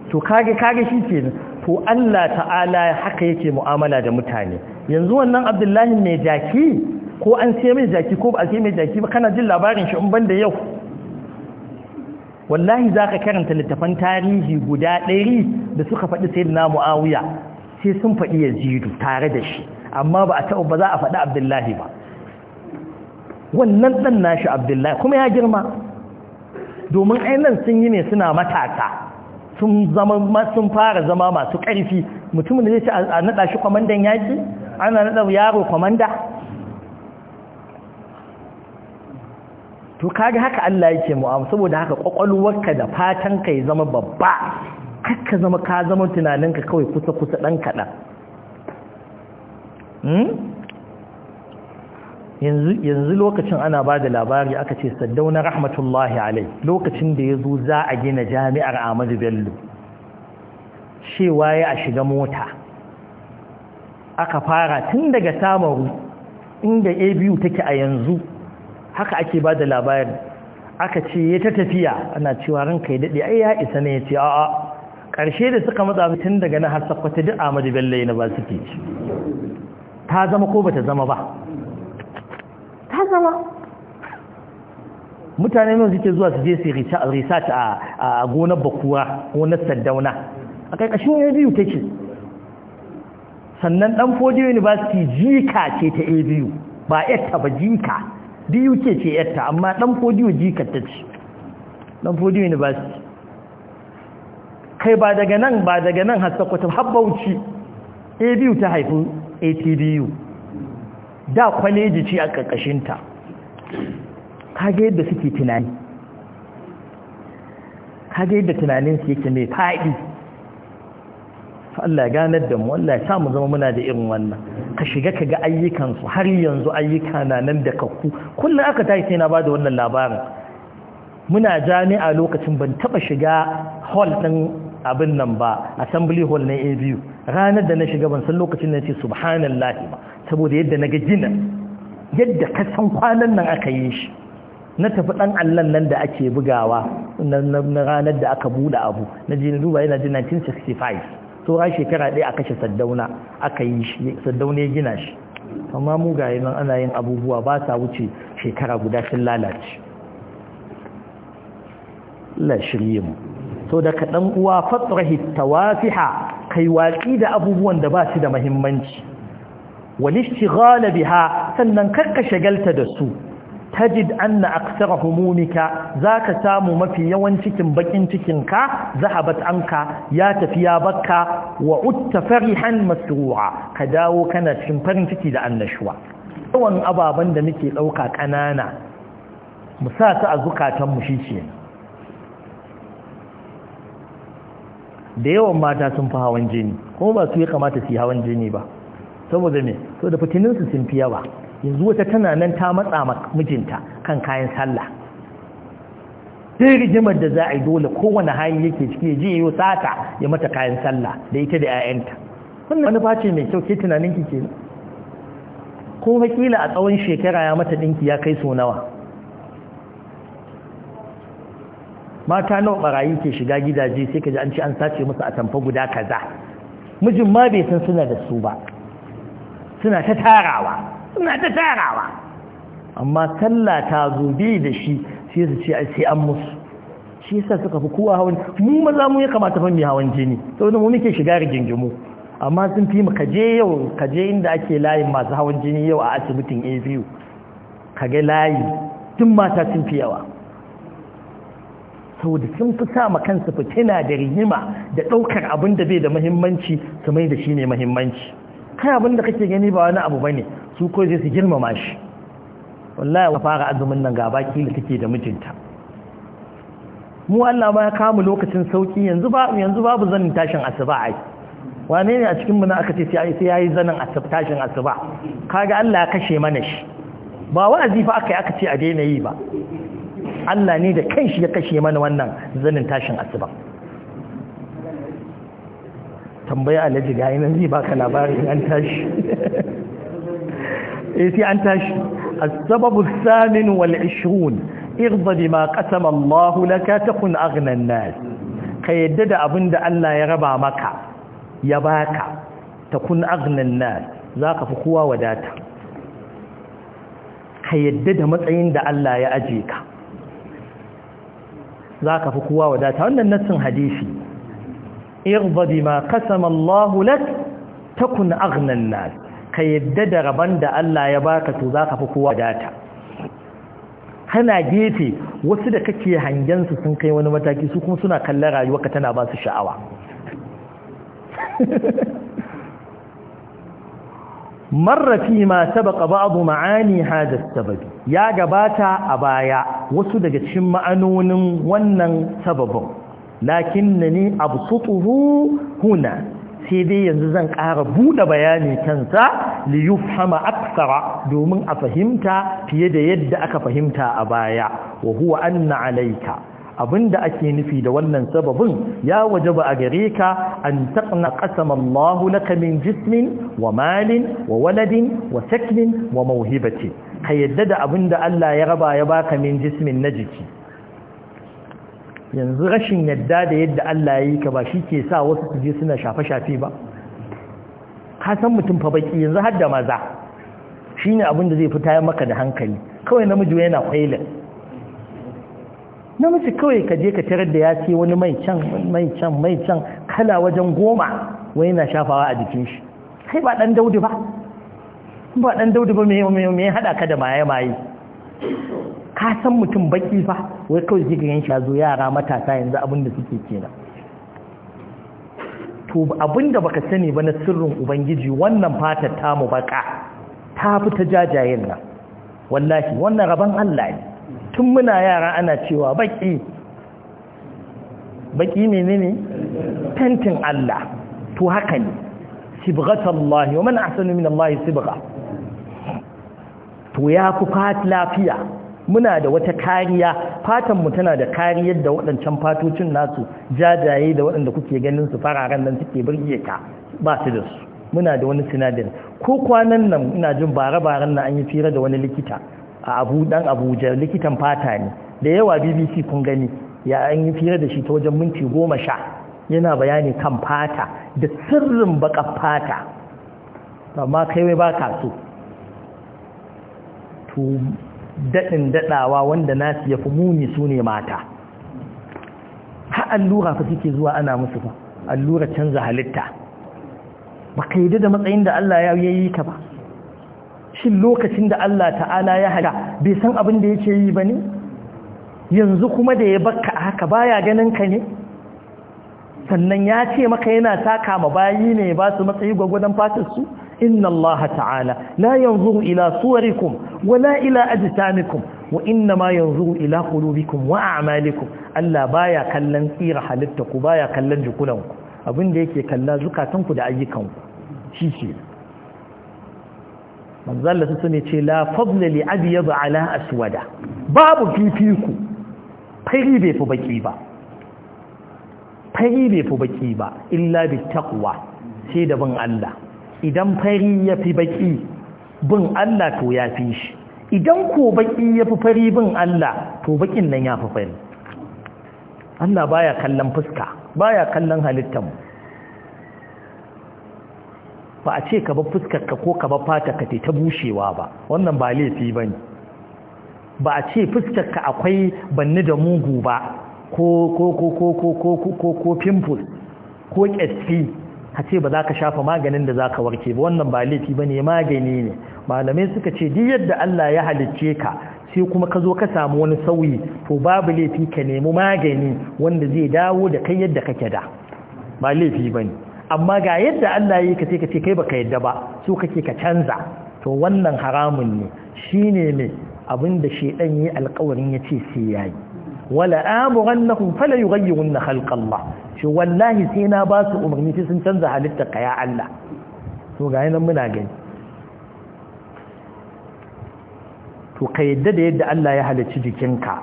to kage kage shi ke to Allah ta'ala haka yake mu'amala da mutane yanzu wannan abdullahi mai jaki ko an sai mai jaki ko ba a sai mai jaki ba kana jin labarin shi in ban da yau wallahi za ka karanta littafan tarihi guda ɗari da suka faɗi sai na mu'awiya sai sun faɗi yazidu tare da shi amma ba a taɓa ba za a faɗi abdullahi ba wannan ɗan nashi abdullahi kuma ya girma domin ainihin sun yi ne suna matasa sun zama sun fara zama masu ƙarfi mutumin da zai ce a naɗa shi kwamandan yaƙi ana naɗa yaro kwamanda to kaga haka Allah yake amma saboda haka kwakwalwarka da fatan ka ya zama babba kakka zama ka zama tunaninka kawai kusa kusa dan kaɗan hmm? yanzu lokacin ana ba da labari aka ce saddauna rahmatullahi alai lokacin da ya zo za a gina jami'ar ahmadu bello cewa ya a shiga mota aka fara tun daga samaru inda abu take a yanzu haka ake ba da labarin aka ce ya ta tafiya ana cewa ranka ya daɗe ai ya isa ne ya ce a'a ƙarshe da suka matsa tun daga na har sakwata duk amadu bello university ta zama ko ba ta zama ba ta zama mutane ne suke zuwa su je su research a gonar bakuwa gonar saddauna a ƙarƙashin biyu take sannan ɗan fodi university jika ce ta abu ba yadda ba jika diyu ce ce yatta amma ɗan fodiyo jikatta ce ɗan fodiyo university kai ba daga nan ba daga nan har sakwata har a biyu ta haifu atdu da kwaleji ce a ƙarƙashinta kage yadda suke tunani kage yadda tunaninsu yake mai faɗi Allah ya ganar da mu Allah ya sa mu zama muna da irin wannan ka shiga ka ga su har yanzu ayyuka na nan da kakku kullum aka tashi sai na bada wannan labarin muna jami'a lokacin ban taba shiga hall din abin nan ba assembly hall na abu ranar da na shiga ban san lokacin na ce subhanallahi ba saboda yadda na ga gina yadda ka san kwanan nan aka yi shi na tafi ɗan allon nan da ake bugawa na ranar da aka buɗe abu na ji duba yana ji 1965 saura shekara ɗaya a kashe saddauna aka yi saddauna ya gina shi amma mu ga nan ana yin abubuwa ba sa wuce shekara guda sun lalace la shirye mu so da ɗan uwa fatrahi tawafiha kai watsi da abubuwan da ba su da muhimmanci wal ishtighala biha sannan karka shagalta da su tajid anna aksara humunika za ka samu mafi yawan cikin bakin cikinka zahabat anka ya tafi ya bakka wa utta farihan masru'a ka dawo kana cikin farin ciki da annashuwa yawan ababan da muke ɗauka kanana mu sa ta a zukatanmu shi da yawan mata sun fi hawan jini kuma ba su ya kamata su yi hawan jini ba saboda me saboda su sun fi yawa yanzu wata tana nan ta matsa mijinta kan kayan sallah sai rigimar da za a yi dole kowane hanyar yake ciki ya je yi sata ya mata kayan sallah da ita da 'ya'yanta wannan manufa ce mai kyau ke tunanin ki ko hakila a tsawon shekara ya mata dinki ya kai so nawa mata nawa barayi ke shiga gidaje sai ka ji an ci an sace musu a tamfa guda kaza mijin ma bai san suna da su ba suna ta tarawa suna ta tarawa amma sallah ta zo da shi sai su ce sai an musu shi yasa suka fi kowa hawan mu maza mu ya kamata mu hawan jini saboda mu muke shiga rigingimu amma sun fi mu kaje yau kaje inda ake layin masu hawan jini yau a asibitin Ka kage layi tun mata sun fi yawa saboda sun fi sa ma kansu fitina da rigima da ɗaukar abin da bai da muhimmanci su mai da shi ne muhimmanci kai abin da kake gani ba wani abu bane su ko zai su girmama shi wallahi wa fara azumin nan ga baki da take da mijinta mu Allah ba ya kama lokacin sauki yanzu ba yanzu babu zanin tashin asuba ai wane ne a cikin mu na aka ce sai yayi zanin asuba tashin asuba kaga Allah ya kashe mana shi ba wa'azi fa aka yi aka ce a daina yi ba Allah ne da kanshi ya kashe mana wannan zanin tashin asuba tambaya alhaji ga nan zai baka labarin an tashi eh sai an tashi as-sababu thamin wal 20 irda bima qasama Allah laka takun aghna an-nas ka yadda da abinda Allah ya raba maka ya baka takun aghna an-nas zaka fi kowa wadata ka yadda da matsayin da Allah ya aje ka zaka fi kowa wadata wannan nassin hadisi irba bima lak takun aghna an-nas ka yadda da rabon da Allah ya baka to zaka fi kowa data kana gefe wasu da kake hangen su sun kai wani mataki su kuma suna kalla rayuwarka tana ba su sha'awa marra fi ma sabaqa ba'du ma'ani hada sababi ya gabata a baya wasu daga cikin ma'anonin wannan sababin lakinnani absutuhu huna sai dai yanzu zan ƙara buɗe bayani kansa li yufhama aksara domin a fahimta fiye da yadda aka fahimta a baya wa huwa alaika, alayka abinda ake nufi da wannan sababin ya wajaba a gare ka an taqna qasama Allahu laka min jismin wa malin wa waladin wa saknin wa mawhibati ka yadda da abinda Allah ya raba ya baka min jismin na jiki yanzu rashin yadda da yadda Allah ya yi ka ba shi ke sa wasu su je suna shafe-shafe ba ka san mutum fa baki yanzu har da maza shi ne abin da zai fita ya maka da hankali kawai namiji yana kwaila namiji kawai ka je ka tarar da ya ce wani mai can mai can mai can kala wajen goma wani yana shafawa a jikin shi kai ba dan daudi ba ba dan daudi ba me me hada ka da maye maye ka san mutum baki fa wai kawai zai ganin shi zo yara matasa yanzu abin da suke kenan to abin da baka sani ba na sirrin ubangiji wannan fatar mu baka ta fi ta jajayen nan wallahi wannan rabon Allah ne tun muna yara ana cewa baki baki menene tantin Allah to haka ne Allah wa man ahsanu min Allah sibgha to ya ku fat lafiya muna da wata kariya fatan mu tana da kariyar da waɗancan fatocin nasu jajaye da waɗanda kuke ganin su fararen nan suke birge ka ba su da su muna da wani sinadin ko kwanan nan ina jin bare-baren na an yi fira da wani likita a abu dan abuja likitan fata ne da yawa bbc kun gani ya an yi fira da shi ta wajen minti goma sha yana bayani kan fata da sirrin baka fata amma kai wai ba ka so daɗin daɗawa wanda nasu ya fi muni su ne mata ha allura fa suke zuwa ana musu ba allura canza halitta ba ka yi da matsayin da Allah ya yi ka ba shin lokacin da Allah ta'ala ya hada bai san abin da yake yi ba ne yanzu kuma da ya baka haka baya ganin ka ne sannan ya ce maka yana taka ma bayi ne ba su matsayi gwagwadon fatarsu إن الله تعالى لا ينظر إلى صوركم ولا إلى أجسامكم وإنما ينظر إلى قلوبكم وأعمالكم ألا بايا كلن إير حالتك بايا كلن جكولنك أبن ديك كلا زكاتنك دعيكم شي شي من ظل سنة لا فضل لأبيض على أسود باب في فيكم قريبه فبكيبا قريبه فبكيبا إلا بالتقوى سيدة بن الله idan fari ya fi baƙi bin Allah to ya fi shi idan ko baƙi ya fi fari bin Allah to baƙin nan ya fi fari Allah baya kallon fuska baya kallon halittar mu ba a ce ka ba fuskarka ko ka ba fata ka ta bushewa ba wannan ba laifi ba ne ba a ce fuskarka akwai banni da mugu ba ko ko ko ko ko ko ko ko ka ce ba za ka shafa maganin da za ka warke ba wannan ba laifi ba ne magani ne malamai suka ce duk yadda Allah ya halicce ka sai kuma ka zo ka samu wani sauyi to babu laifi ka nemi magani wanda zai dawo da kai yadda kake da ba laifi ba ne amma ga yadda Allah ya yi ka ce ka ce kai baka yadda ba so kake ka canza to wannan haramun ne shine ne abin da shedan yi alƙawarin ya ce sai yayi wala amurannakum fala yughayyirunna ce wallahi sai na ba su umarni sai sun canza halitta ka ya Allah to ga nan muna gani to ka yadda da yadda Allah ya halicci jikinka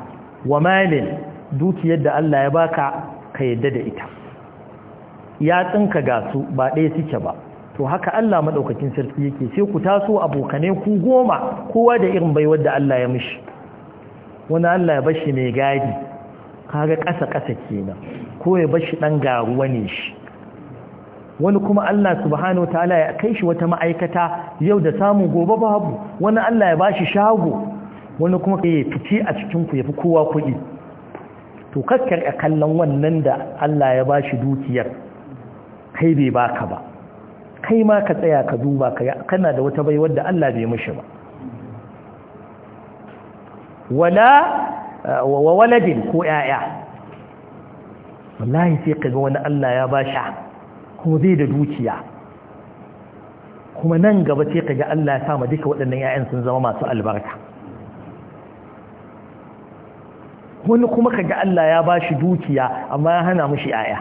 wa malin dukiyar da Allah ya baka ka yadda da ita ya tsinka ga su ba ɗaya suke ba to haka Allah maɗaukakin sarki yake sai ku taso abokane ku goma kowa da irin baiwar da Allah ya mishi wani Allah ya bashi mai gadi kaga ƙasa ƙasa kenan ko ya bashi dan garuwa ne shi wani kuma Allah subhanahu wa ta'ala ya kai shi wata ma'aikata yau da samu gobe babu wani Allah ya bashi shago wani kuma ya fice a cikin ku yafi kowa kuɗi to kakkar a kallon wannan da Allah ya bashi dukiyar kai bai baka ba kai ma ka tsaya ka duba ka kana da wata baiwar da Allah bai mishi ba wala wa waladin ko ‘ya'ya wallahi sai kaga wani Allah ya ba kuma zai da dukiya kuma nan gaba sai kaga Allah ya sama duka waɗannan ‘ya'yan sun zama masu albarka wani kuma kaga Allah ya ba shi dukiya amma ya hana mushi ‘ya'ya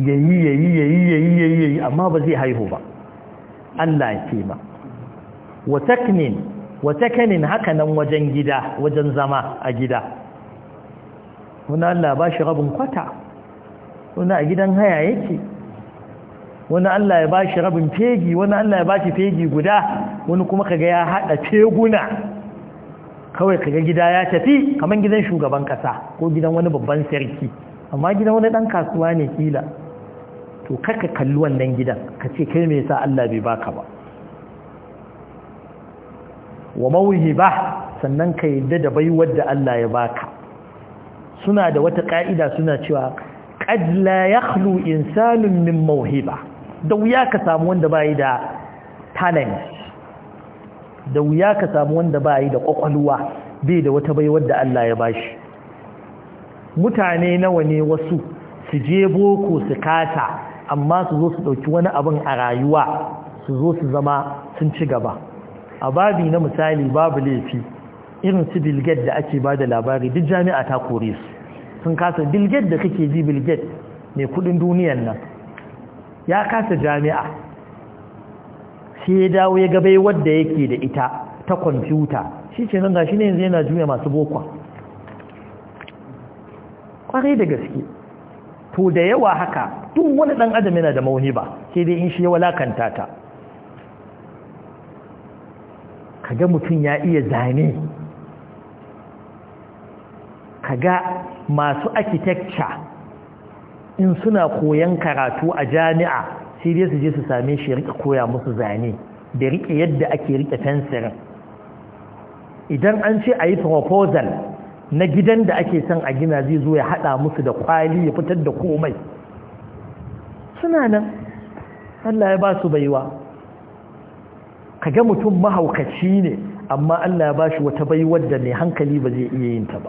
yayi yayi yayi yayi yayi amma ba zai haihu ba Allah ya ce ba wa taknin wa takanin haka nan wajen gida wajen zama a gida wani Allah ba shi rabin kwata wani a gidan haya yake wani Allah ya ba rabin fegi wani Allah ya bashi fegi guda wani kuma kaga ya haɗa feguna kawai kaga gida ya tafi kamar gidan shugaban kasa ko gidan wani babban sarki amma gidan wani ɗan kasuwa ne kila to kaka kalli wannan gidan ka ce kai me yasa Allah bai baka ba wa mawhiba sannan ka yadda da bai wadda Allah ya baka suna da wata ka'ida suna cewa qad la yakhlu insanun min mawhiba da wuya ka samu wanda bai da talent da wuya ka samu wanda bai da kwakwalwa bai da wata bai wadda Allah ya bashi mutane nawa ne wasu su je boko su kata amma su zo su dauki wani abin a rayuwa su zo su zama sun ci gaba a babi na misali babu laifi irin su bilget da ake ba da labari duk jami'a ta kore su sun kasa bilget da kake ji bilget mai kudin duniyan nan ya kasa jami'a sai ya dawo ya gabai wadda yake da ita ta kwamfuta shi ce nan gashi ne yanzu yana juya masu bokwa kwarai da gaske to da yawa haka duk wani ɗan adam yana da mauni ba sai dai in shi ya walakanta ta kaga mutum ya iya zane kaga masu architecture in suna koyan karatu a jami'a sai dai su je su same shi rike koya musu zane da rike yadda ake rike fensirin idan an ce a yi proposal na gidan da ake son a gina zai zo ya hada musu da kwali ya fitar da komai suna nan Allah ya ba su baiwa ka ga mutum mahaukaci ne amma Allah ya shi wata baiwar da mai hankali ba zai iya yin ta ba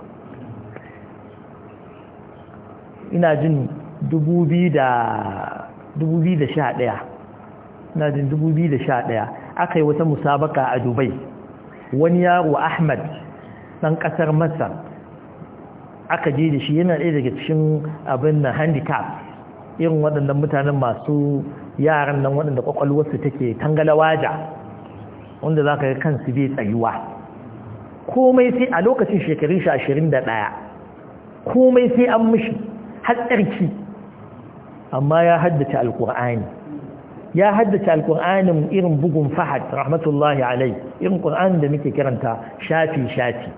ina jin 2011 ina jin 2011 aka yi wata musabaka a Dubai wani yaro Ahmad ɗan ƙasar Masar aka je da shi yana ɗaya daga cikin abin na handicap irin waɗannan mutanen masu yaran nan waɗanda ƙwaƙwalwarsu take tangalawaja wanda za ka yi kansu bai tsayuwa komai sai a lokacin shekarun shi ashirin da ɗaya komai sai an mushi hatsarki amma ya haddace alkur'ani ya haddace alkur'anin irin bugun fahad rahmatullahi alai irin kur'anin da muke kiranta shafi-shafi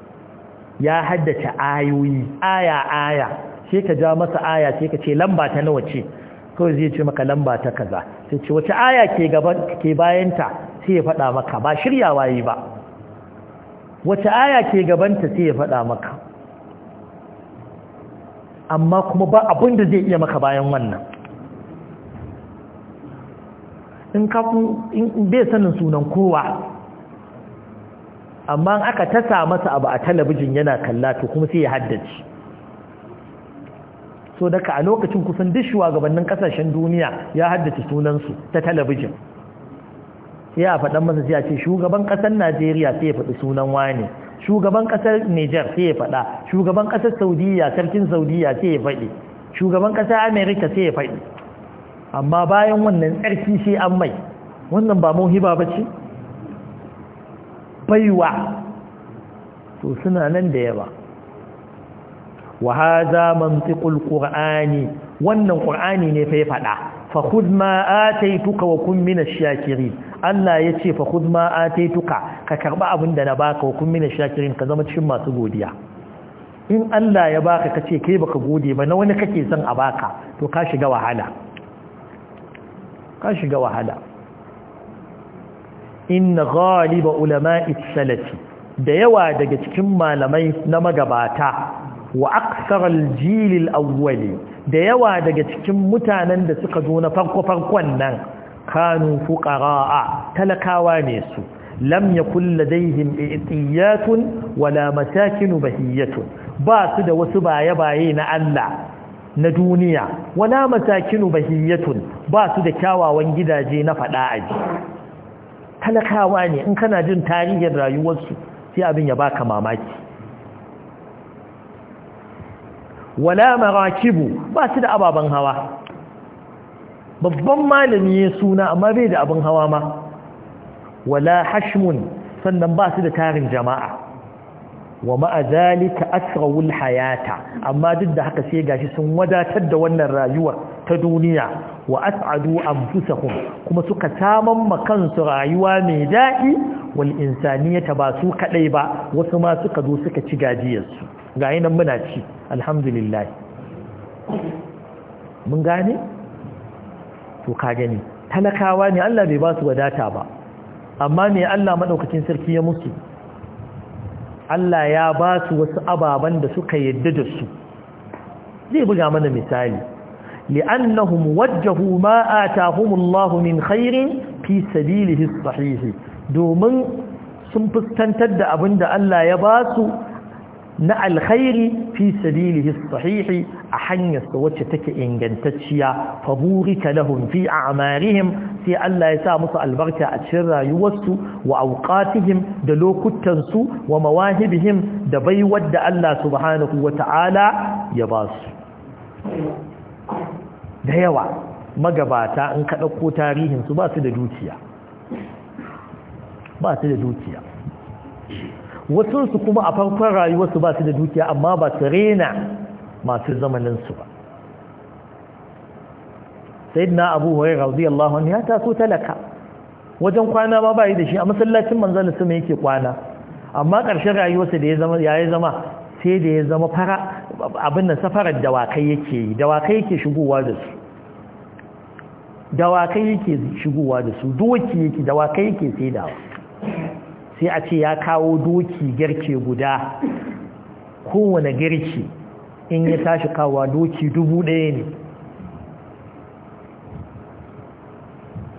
ya haddace ayoyi aya-aya sai ka ja masa aya sai ka ce lamba ta nawa ce kawai zai ce maka lamba ta kaza sai ce wace aya ke gaban ke bayanta sai ya faɗa maka ba shiryawa yi ba wace aya ke gabanta sai ya faɗa maka amma kuma ba abin da zai iya maka bayan wannan in kafin in bai sanin sunan kowa amma aka tasa masa abu a talabijin yana kalla to kuma sai ya haddace so daga a lokacin kusan duk shugabannin kasashen duniya ya haddace sunansu ta talabijin sai a faɗan masa sai a ce shugaban ƙasar Najeriya sai ya faɗi sunan Wani. shugaban ƙasar Niger sai ya faɗa shugaban ƙasar Saudiya sarkin Saudiya sai ya faɗi shugaban ƙasar Amerika sai ya faɗi amma bayan wannan tsarki sai an mai wannan ba mauhiba bace baiwa to suna nan da yawa wa hadha mantiqul qur'ani wannan qur'ani ne fa faɗa fada fa khudh ma ataituka wa kun minash shakirin Allah yace fa khudh ma ataituka ka karba abinda na baka wa kun minash shakirin ka zama cikin masu godiya in Allah ya baka kace kai baka gode ba na wani kake son a baka to ka shiga wahala ka shiga wahala inna ghaliba da yawa daga cikin malamai na magabata wa aksarar jilil awwali da yawa daga cikin mutanen da suka zo na farko-farkon nan kanu fuqara'a talakawa ne su lam yakul ladaihim i'tiyatun wala masakin bahiyatun ba su da wasu baye-baye na Allah na duniya wala masakin bahiyatun ba su da kyawawan gidaje na fada aji talakawa ne in kana jin tarihin rayuwarsu sai abin ya baka mamaki wala marakibu ba su da ababen hawa babban malami ya suna amma bai da abin hawa ma wala hashmun sannan ba su da tarin jama'a wa ma'a zalika asrawul hayata amma duk da haka sai gashi sun wadatar da wannan rayuwar ta duniya wa as'adu anfusahum kuma suka saman makansu rayuwa mai daɗi wal insaniyata ba su kadai ba wasu ma suka zo suka ci gajiyarsu ga nan muna ci alhamdulillah mun gane to ka gani talakawa ne Allah bai ba su wadata ba amma ne Allah maɗaukacin sarki ya musu Allah ya ba su wasu ababen da suka yadda da su zai buga mana misali li'annahum wajjahu ma atahumullahu min khairin fi sabilihi as-sahih domin sun fuskantar da abinda Allah ya basu. na alkhairi fi sabilihi sahihi a hanyar da wacce take ingantacciya fa burika lahum fi a'marihim sai Allah ya sa musu albarka a cikin rayuwarsu wa awqatihim da lokutan su wa mawahibihim da baiwar da Allah subhanahu wata'ala ya ba su da yawa magabata in ka ko tarihin su ba su da dukiya ba su da dukiya wasunsu kuma a farkon rayuwarsu ba su da dukiya amma ba su rena masu zamaninsu ba na abu hurairah Allah wani ya taso talaka wajen kwana ma bayi da shi a masallacin su sama yake kwana amma ƙarshen rayuwarsa da ya zama zama sai da ya zama fara abin da safarar dawakai yake yi, dawakai yake shigowa da su dawakai yake shigowa da su doki yake dawakai yake sai a ce ya kawo doki garke guda kowane garke in ya tashi kawo doki dubu ɗaya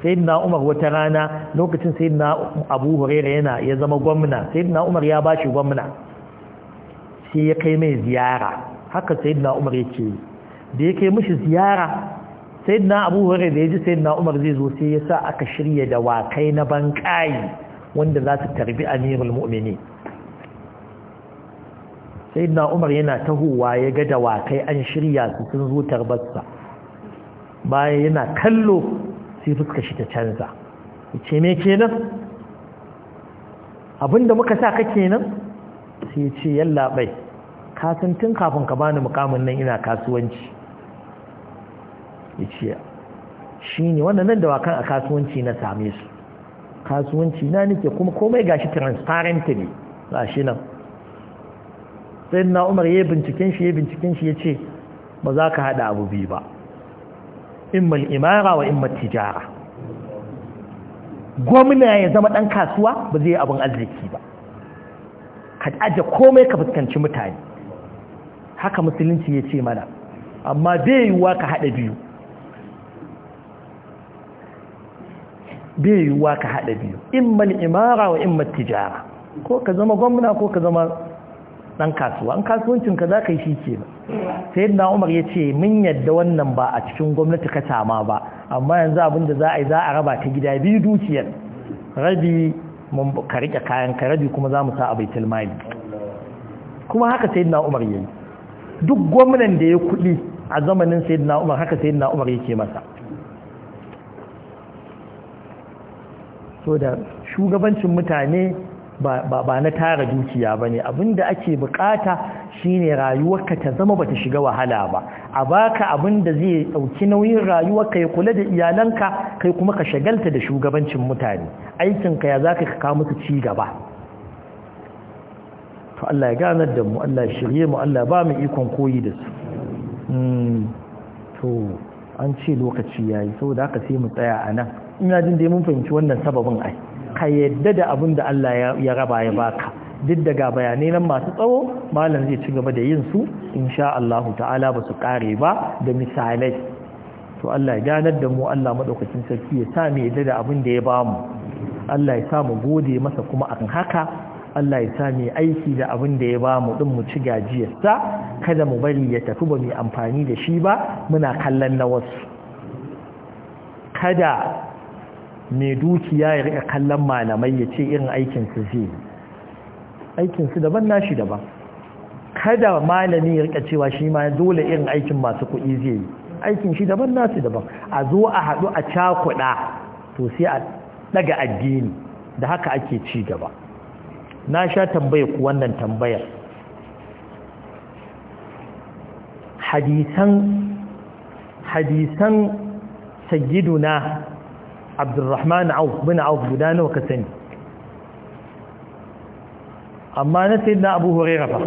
ne na umar wata rana lokacin na abu hurera yana ya zama gwamna na umar ya ba shi gwamna sai ya kai mai ziyara haka na umar ya yi da ya kai mashi ziyara na abu hurera da ya ji na umar zai zo sai ya sa aka shirya da wakai na bankayi wanda za su tarbi amirul mu'mini sai na umar yana tahowa ya ga dawakai an shirya su sun zo tarbarsa bayan yana kallo sai fuska shi ta canza ce me kenan abinda muka sa ka kenan sai ce yalla bai tun kafin ka bani mukamin nan ina kasuwanci ya ce shi ne wannan nan dawakan a kasuwanci na same su kasuwanci na nake kuma komai gashi transparent ne shi nan sai na umar ya binciken shi ya binciken shi ya ce ba za ka haɗa abu biyu ba in imara wa in tijara gwamna ya zama ɗan kasuwa ba zai abin arziki ba ka aje komai ka fuskanci mutane haka musulunci ya ce mana amma bai yiwuwa ka haɗa biyu bai yiwuwa ka haɗa biyu immal imara wa immal tijara ko ka zama gwamna ko ka zama ɗan kasuwa an kasuwancin ka za ka yi shi ke sai na umar ya ce mun yadda wannan ba a cikin gwamnati ka tama ba amma yanzu abin da za a yi za a raba ta gida biyu dukiyar rabi mun ka rike kayan ka rabi kuma za mu sa a baitul mali kuma haka sai na umar ya yi duk gwamnan da ya kuɗi a zamanin sai na umar haka sai na umar yake masa so da shugabancin mutane ba na tara dukiya ba ne abin da ake bukata shine rayuwarka ta zama bata shiga wahala ba a baka da zai dauki nauyin rayuwarka ya kula da iyalanka kai kuma ka shagalta da shugabancin mutane aikinka ya zaka ka kawo musu ci gaba to Allah ya ganar da mu Allah ya shirye mu Allah ba mu ikon koyi da su hmm, to an ce lokaci yayi saboda haka sai mu tsaya a nan ina jin dai mun fahimci wannan sababin ai ka yadda da abin da Allah ya raba ya baka duk daga bayanai nan masu tsawo malam zai ci gaba da yin su insha Allah ta'ala ba su kare ba da misalai to Allah ya ganar da mu Allah madaukakin sarki ya sa mu yadda da abin da ya bamu Allah ya sa mu gode masa kuma akan haka Allah ya sa mu aiki da abin da ya bamu din mu ci gajiyarsa kada mu bari ya tafi ba mu amfani da shi ba muna kallon na wasu kada mai dukiya ya rika kallon malamai ya ce irin aikinsu zai aikinsu daban nashi daban kada malami ya rika cewa shi ma dole irin aikin masu kuɗi zai yi aikin shi daban nasu daban a zo a haɗu a cakuɗa to sai a ɗaga addini da haka ake ci gaba na sha tambaya ku wannan tambayar hadisan hadisan sayyiduna abdurrahman auf bin auf guda nawa ka sani amma na sayyidina abu hurairah fa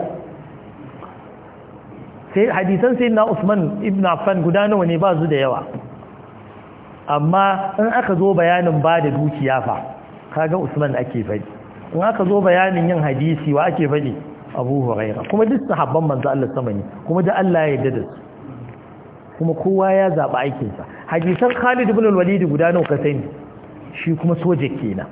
sai hadisan sayyidina usman ibn affan guda nawa ne ba su da yawa amma in aka zo bayanin ba da dukiya fa kaga usman ake faɗi in aka zo bayanin yin hadisi wa ake faɗi abu huraira kuma duk sahabban manzo Allah sama ne kuma da Allah ya yarda da su kuma kowa ya zaɓa aikinsa hadisan khalid ibn walidi guda nawa ka sani shi kuma soja kenan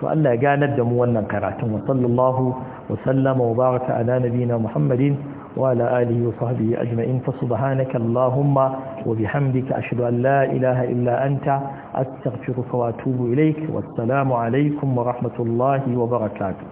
to Allah ya ganar da mu wannan karatun wa sallallahu wa sallama wa baraka ala nabiyina muhammadin wa ala alihi wa sahbihi ajma'in fa subhanaka allahumma wa bihamdika ashhadu an la ilaha illa anta astaghfiruka wa atubu ilaik wassalamu alaikum wa rahmatullahi wa barakatuh